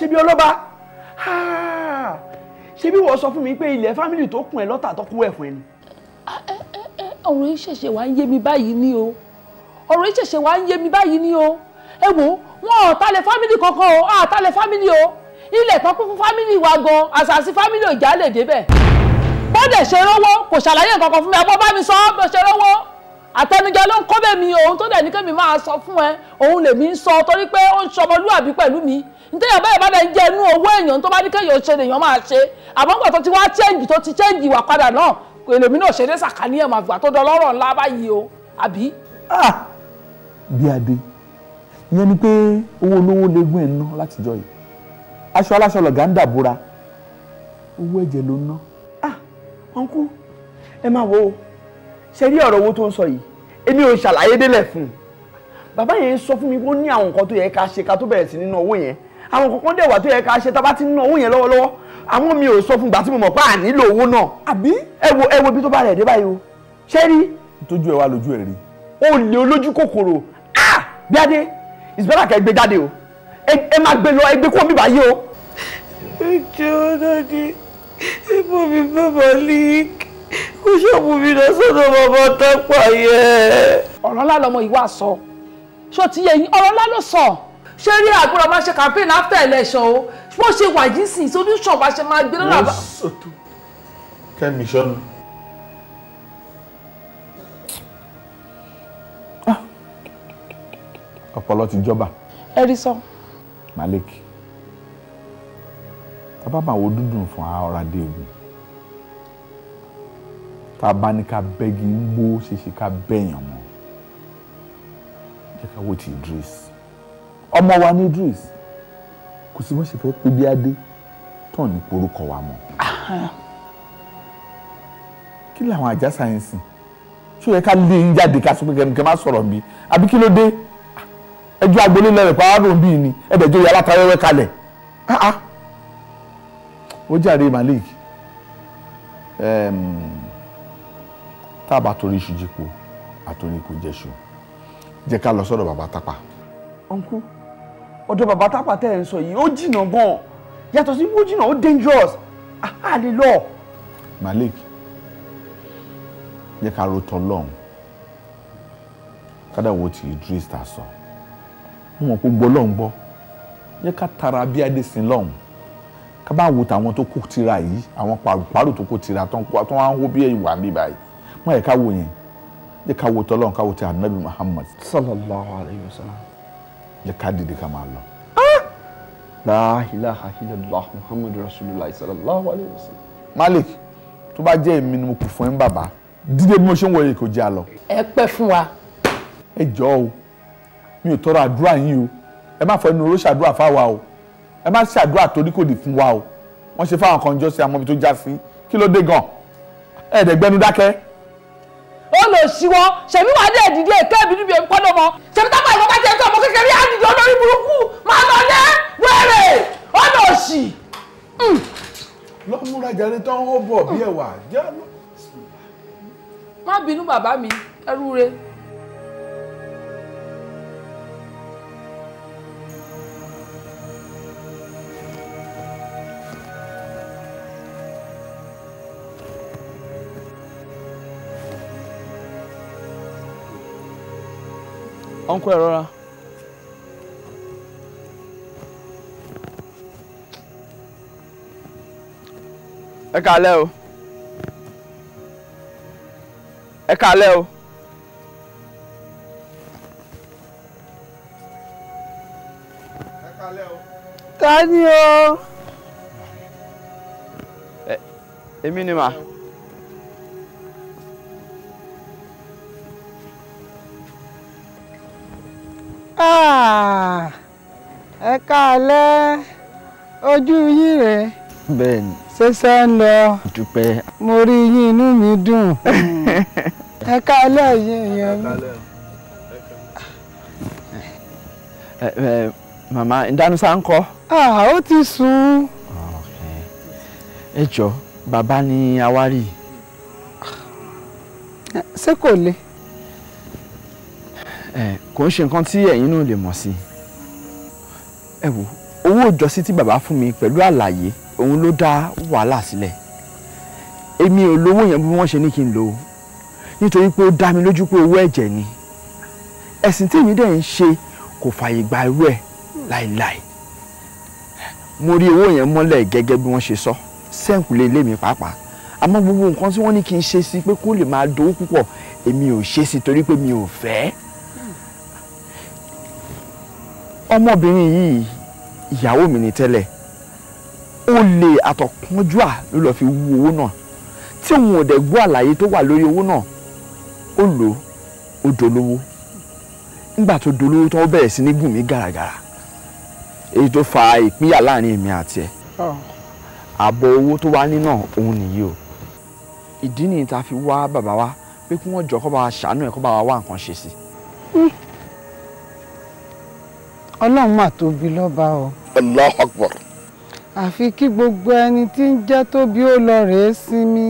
ṣe bí ọlọ́ba ṣe bí wọ́n sọ fún mi pé ilẹ̀ fámìlì tó kùn ẹ̀ lọ́tà tó kú ẹ̀ fún ẹ ni. ọ̀rọ̀ yìí ṣẹ̀ṣẹ̀ wá ń yé mi báyìí ni o ọ̀rọ̀ yìí ṣẹ̀ṣẹ̀ wá ń yé mi báyìí ni o ẹ wo wọn ò talẹ̀ fámìlì kankan o àtalẹ̀ fámìlì o ilẹ̀ tó kún fún fámìlì wa gan àṣàṣì fámìlì òjà lè débẹ̀ bọ́dẹ̀ ṣe rówó kò ṣàlàyé kankan fún mi àbọ̀ bá mi sọ ọ́ bọ́ ṣe rówó àtẹnujẹ ló ń kọ́ bẹ́ẹ̀ mi òun tó dẹ̀ ní kẹ́mi máa sọ fún ẹ òun lèmi ń sọ torí pé ó ń ṣọmọlúàbí pẹ̀lú mi nítorí ọ̀bá ìbá dẹ̀ ń jẹ inú owó èèyàn tó bá ní kéèyàn ṣe lèèyàn máa ṣe àmọ́ nígbà tó ti wá chẹ́ǹgì tó ti chẹ́ǹgì ìwà padà náà èlòmí náà ṣe dé sàkání ẹ̀ màgbà tó dọlọ́rọ̀ ńlá báyìí o àbí. Ah! bí adé ìyẹn ni pé owó olówó legun ẹ̀ ná látijọ́ yìí aṣọ aláṣọ lọ̀gá ń dàbúra owó ẹ̀jẹ̀ ló ná. ọ̀nkú ah! ẹ máa wo ṣe rí ọ̀rọ̀ owó tó ń sọ yìí èmi ò ṣàlàyé délẹ̀ fún un bàbá yẹn sọ fún mi pé ó ní àwọn nǹkan tó yẹ ká ṣe ká tó bẹ̀rẹ̀ sí nínú owó yẹn àwọn kọ̀ọ̀kan dẹ̀ wà tó yẹ ká ṣe tá a bá ti ń ná owó yẹn lọ́wọ́lọ́wọ́ àmọ́ mi ò sọ fún gbà tí mo mọ̀ pé à nílò owó náà. àbí. ẹ wo ẹ wo ibi tó bá rẹ̀ dé báyìí o ṣé rí. tójú ẹ wá lójú ẹ rí. o lè olójú kòkòrò ah bí adé ìsìnbára kẹ gbé jáde o ẹ máa gbé lọ ẹ gbé kó mi báyìí o. ìjọ dadi ibo mi bàbá leak kó ṣọ́ọ̀bù mi lọ sọ́dọ̀ bàbá tápà yẹ. ọ̀rọ̀ ńlá lọmọ ìwà sọ ṣó ti yẹ yín ọ̀rọ̀ ńlá ló sọ ṣé rí àgbọ̀rọ̀ máa ṣe campaign after election o bó ṣe wà yìí sìn solution bá ṣe máa gbé lọ́nà àbá. kẹ́mi sọ́nu. Ah. ọpọlọ ti jọba. ẹ rí sọ. Malik tá a bá máa wo dúndùn fún ara dé ogun tá a bá ní ká bẹ́gi ń gbó ṣeéṣe ká bẹ́yàn mọ́ jẹ́ ká wò ti Idris ọmọ wa ní Idris kò sí wọ́n ṣe fẹ́ pé bí adé tán ní porúkọ wa mọ́ kí làwọn ajá sáyẹ́nsì ṣó yẹ ká lé ń jáde ká sọ pé kẹmíkẹ sọ̀rọ̀ bí àbí kí ló dé ẹjọ́ agbolé lẹ́rẹ̀ pàápàá bíi ni ẹ̀bẹ̀ jẹ́ yàrá tayọ́wẹ́ kalẹ̀ ó jàre Malik tá a bá torí iṣu jípo àtòrí kò jẹ́ṣu jẹ́ ká lọ sọ́dọ̀ bàbá tápà. uncle ọ̀dọ̀ bàbá tápà tẹ́ ẹ̀ ń sọ yìí ó jìnnà gan-an sí ó jìnnà ó dangerous àá lè lọ. Malik jẹ́ ká ro tọ́ lọ́hùn kádà wo ti Idris ta sọ mo mọ̀ pé gbọ́ lọ́hùn gbọ́ jẹ́ ká tara bí adéṣin lọ́hùn ká bá wo tàwọn tó kó tira yìí àwọn pàrọ̀ tó kó tira tó wá ń hó bí ẹ̀yìn wà mí báyìí wọ́n yẹ ká wo yẹn jẹ́ ká wo tọ́lọ́hùn ká wo ti Ànábì Muhammad. sallallahu alayhi wa sallam le ká de Kamala. Ah? lọ. la ilaha illallah muhammadu rasulillah sallallahu alayhi wa sallam. malik tó bá jẹ́ èmi ni mo kù fún ẹ́ ń bàbá dídé bí mo ṣe ń wọ̀nyí kò jẹ́ àlọ́. ẹ pẹ́ fún wa. ẹ jọ̀ọ́ o mi ò tọrọ àdúrà yín o ẹ má fọ ẹnu oró ṣàdúrà fáwa o ẹ má ṣàdúrà torí kò dì fún wa o wọ́n ṣe fáwọn kan jọ sí amọ́bi tó já sí kí ló dé gan ẹ̀ẹ́dẹ̀gbẹ́nu dákẹ́ ó lò ṣíwọ́ ṣèmi wà dé ìdílé èké ìbínú bíi èmi pọ́nlọ́mọ ṣèmi tábà ìwọ bá jẹ́ tó ọmọ kékeré àdìjọ lórí burúkú máa lọ lé wẹ́rẹ̀ ó lò ṣì. Hmm. lọ́múrajà ni tán ó bọ̀ bí ẹ̀wà jẹ́ lọ. má bínú bàbá mi ẹrú re. ọ̀nkọ́ ẹ̀ rọra. ẹ kàlẹ́ o ẹ kàlẹ́ o. ẹ kàlẹ́ o. ta ni Ah, ẹ káalẹ́ ojú yín rèé bẹ́ẹ̀ni. ṣẹ̀ṣẹ̀ ń lọ. dúpẹ́. mo rí yín inú mi dùn. ẹ káalẹ́ yín èèyàn mi. ẹ ẹ màmá ń kọ́. Ah, ó ti sùn. ẹ jọ bàbá ni awárí. ṣé kò le kò ń ṣe nǹkan tí ẹ̀yin náà lè mọ̀ sí ẹ wò owó ìjọsìn tí bàbá fún mi pẹ̀lú àlàyé òun ló dá wàhálà sílẹ̀ èmi ò lówó yẹn bí wọ́n ṣe ní kí n lò ó nítorí pé ó dá mi lójú pé owó ẹ̀jẹ̀ ni ẹ̀sìn tí èmi dẹ̀ ń ṣe kò fààyè gba irú ẹ̀ láìláì mo rí owó yẹn mọ́lẹ̀ gẹ́gẹ́ bí wọ́n ṣe sọ sẹ́ǹkù lé ilé mi pàápàá àmọ́ gbogbo nǹkan tí wọ́n ní kí n ṣe sí pé kó lè máa dowó púpọ̀ èmi ò ṣe sí torí pé mi ò fẹ́ ọmọbìnrin yìí ìyàwó mi ní tẹ́lẹ̀ olè àtọ̀kánjúà ló lọ́ọ́ fi wú owó náà tí òun ò dẹ̀ gbọ́ àlàyé tó wà lórí owó náà ó lò ó dolówó nígbà tó dolówó tó bẹ̀rẹ̀ sí ní gùn mí gàràgàrà èyí tó fa ìpínyà láàrin èmi àti ẹ ah. àbọ̀ owó tó wá ní náà òun nìyí o ìdí nìyí tá a fi wá bàbá wa pé kí wọ́n jọ kó bá wa ṣàánú ẹ̀ kó bá wa wá nǹkan ṣe sí i. Hm ọlọ́run mà tóbi lọ́ba o. Allahu Akbar. àfi kí gbogbo ẹni tí ń jẹ́ tóbi ó lọ rèé sinmi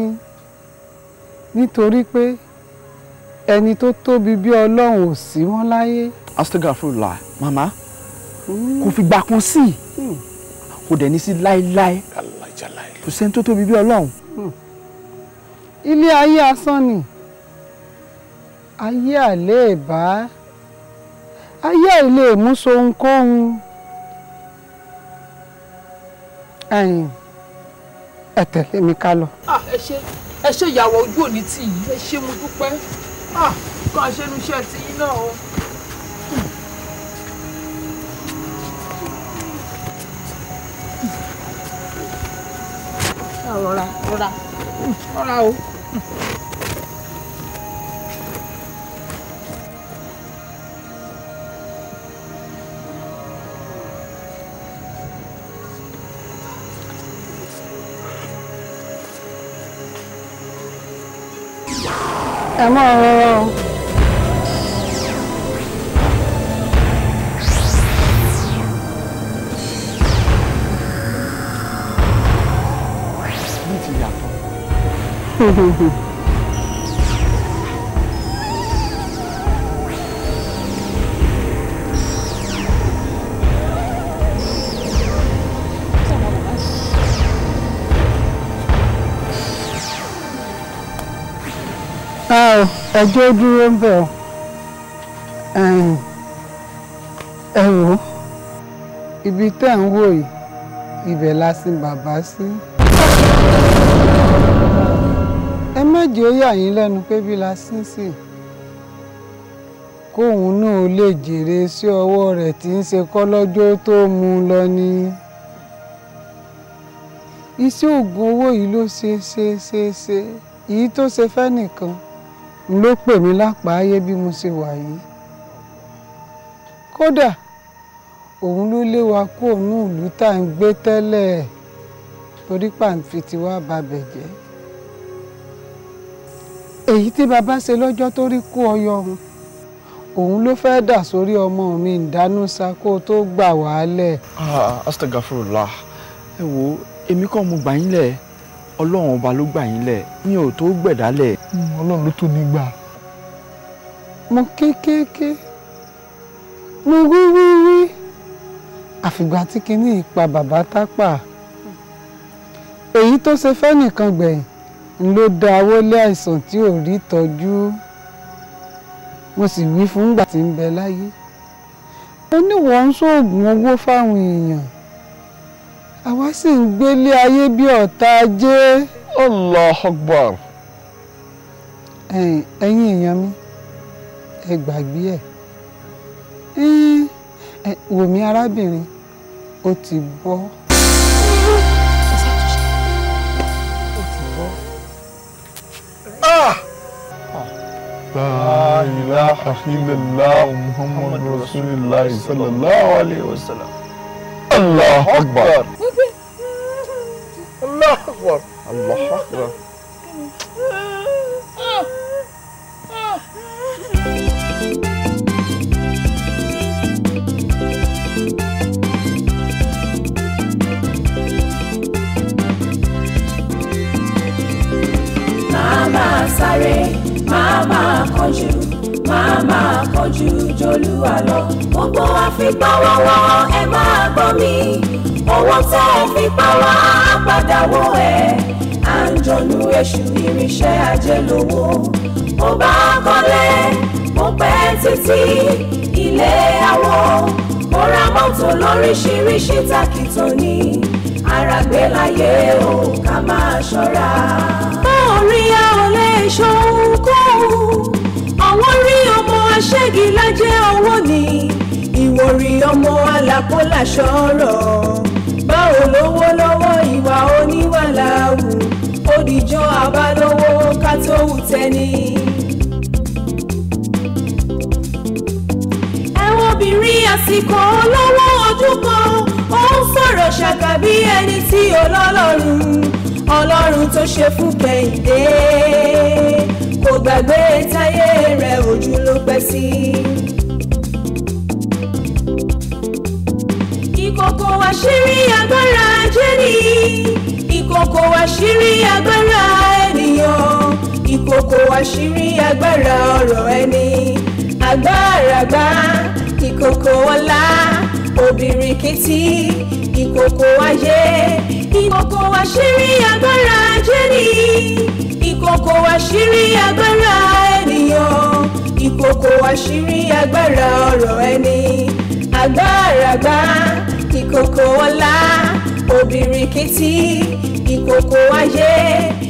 nítorí pé ẹni tó tóbi bí ọlọ́run ò sí wọn láyé. astagafurula màmá hmm. kò fìgbà kan sí i hmm. kò dẹ̀ ní sí láéláé kò sẹ́ni tó tóbi bí ọlọ́run. Hmm. ilé ayé asán ni ayé àléébá. Hmm ayé ilé ìmúso ohunkóhun ẹ̀yin ẹ tẹ̀lé mi ká lọ. Ah, ẹ ṣe ẹ ṣe ìyàwó ojú òní tì yìí ẹ ṣe mo dúpẹ́ ah, kó a ṣe nu iṣẹ́ tiyín náà o. Ah, rọra rọra rọra o. 怎么了？你几牙？呵呵呵。ẹjọ́ dúró ń bẹ̀ ẹ wò ó ibi tẹ́ ń wò yìí ibẹ̀ la sin bàbá sí. ẹ má jẹ́ ó yà yín lẹ́nu pé bí la sin sí kóun náà lè jèrè sí ọwọ́ rẹ̀ tí ń ṣe kọ́ lọ́jọ́ tó mú un lọ ni iṣẹ́ oògùn owó yìí ló ṣe ṣe ṣe ṣe èyí tó ṣe fẹ́ nìkan ló pè mí lápááyé bí mo ṣe wà yìí kódà òun ló lé wa kó òun ìlú tá à ń gbé tẹ́lẹ̀ torí pàǹfì tí wàá babẹ̀ jẹ́ èyí tí bàbá ṣe lọ́jọ́ tó rí kú ọyọ ọ̀hún òun ló fẹ́ dà sórí ọmọ mi ìdánú sa kó o tó gbà wàhálẹ̀. Ah, astagafurullah ẹ wo èmi kàn mo gbà yín lẹ̀ ọlọ́run ọba ló gbà yín lẹ̀ mi ò tó gbẹ̀dálẹ̀ ọlọ́run ló tó nígbà mo kéékèèké mo wí wí wí àfìgbà tí kinní ìpa bàbá tápà èyí tó ṣe fẹ́ nìkan gbẹ̀yìn ló da wọlé àìsàn tí ò rí tọ́jú mo sì wí fún ìgbà tí ń bẹ láyé ó ní wọ́n ń ṣoògùn owó fáwọn èèyàn àwa sì ń gbélé ayé bí ọ̀tá ajé. Allah Akbar ẹ̀yin èèyàn mi ẹ gbàgbé ẹ̀ wòmí arábìnrin ó ti bọ́. Ah! La ilaha illallah Muhammad Rasulullah sallallahu alayhi wa sallam. akbar. Allah akbar. Allah akbar. sáré máa máa kọjú máa máa kọjú jolúwa lọ. gbogbo àfipáwọ́wọ́ ẹ máa gbọ́ mi owó tẹ́ ẹ fi pa wá padà wọ ẹ̀ à ń jọnu èṣù irinṣẹ́ ajé lówó mo bá kọ́lé mo pẹ́ títí ilé àwọ̀ mo ra mọ́tò lóríṣiríṣi takìtò ní àràgbé láyé o ká máa ṣọ́ra ṣohunkóhun àwọn rí ọmọ aṣẹ́gilájẹ́ ọwọ́ ni ìwòrì ọmọ alákólà ṣọ́rọ̀ báwo lówó lọ́wọ́ ìwà oníwà láwù òdìjọ́ abálówó ká tó wù tẹ́ni. ẹ̀wọ̀n obìnrin àsìkò olówó ojú kan ó ń sọ̀rọ̀ ṣàkà bí ẹni tí olọ́lọ́run ọlọ́run tó ṣe fún kẹ́hìndé kò gbàgbé táyé rẹ̀ ojú ló pẹ́ sí. ìkòkò àṣírí agbára ajé ni ìkòkò àṣírí agbára ènìyàn ìkòkò àṣírí agbára ọ̀rọ̀ ẹni agbáragbá ìkòkò ọlá obìnrin kìtì ìkòkò ayé ìkòkò àṣírí agbára ajé ni ìkòkò àṣírí agbára ènìyàn ìkòkò àṣírí agbára ọ̀rọ̀ ẹni agbáragbá ìkòkò ọlá òbìrìkìtì ìkòkò ayé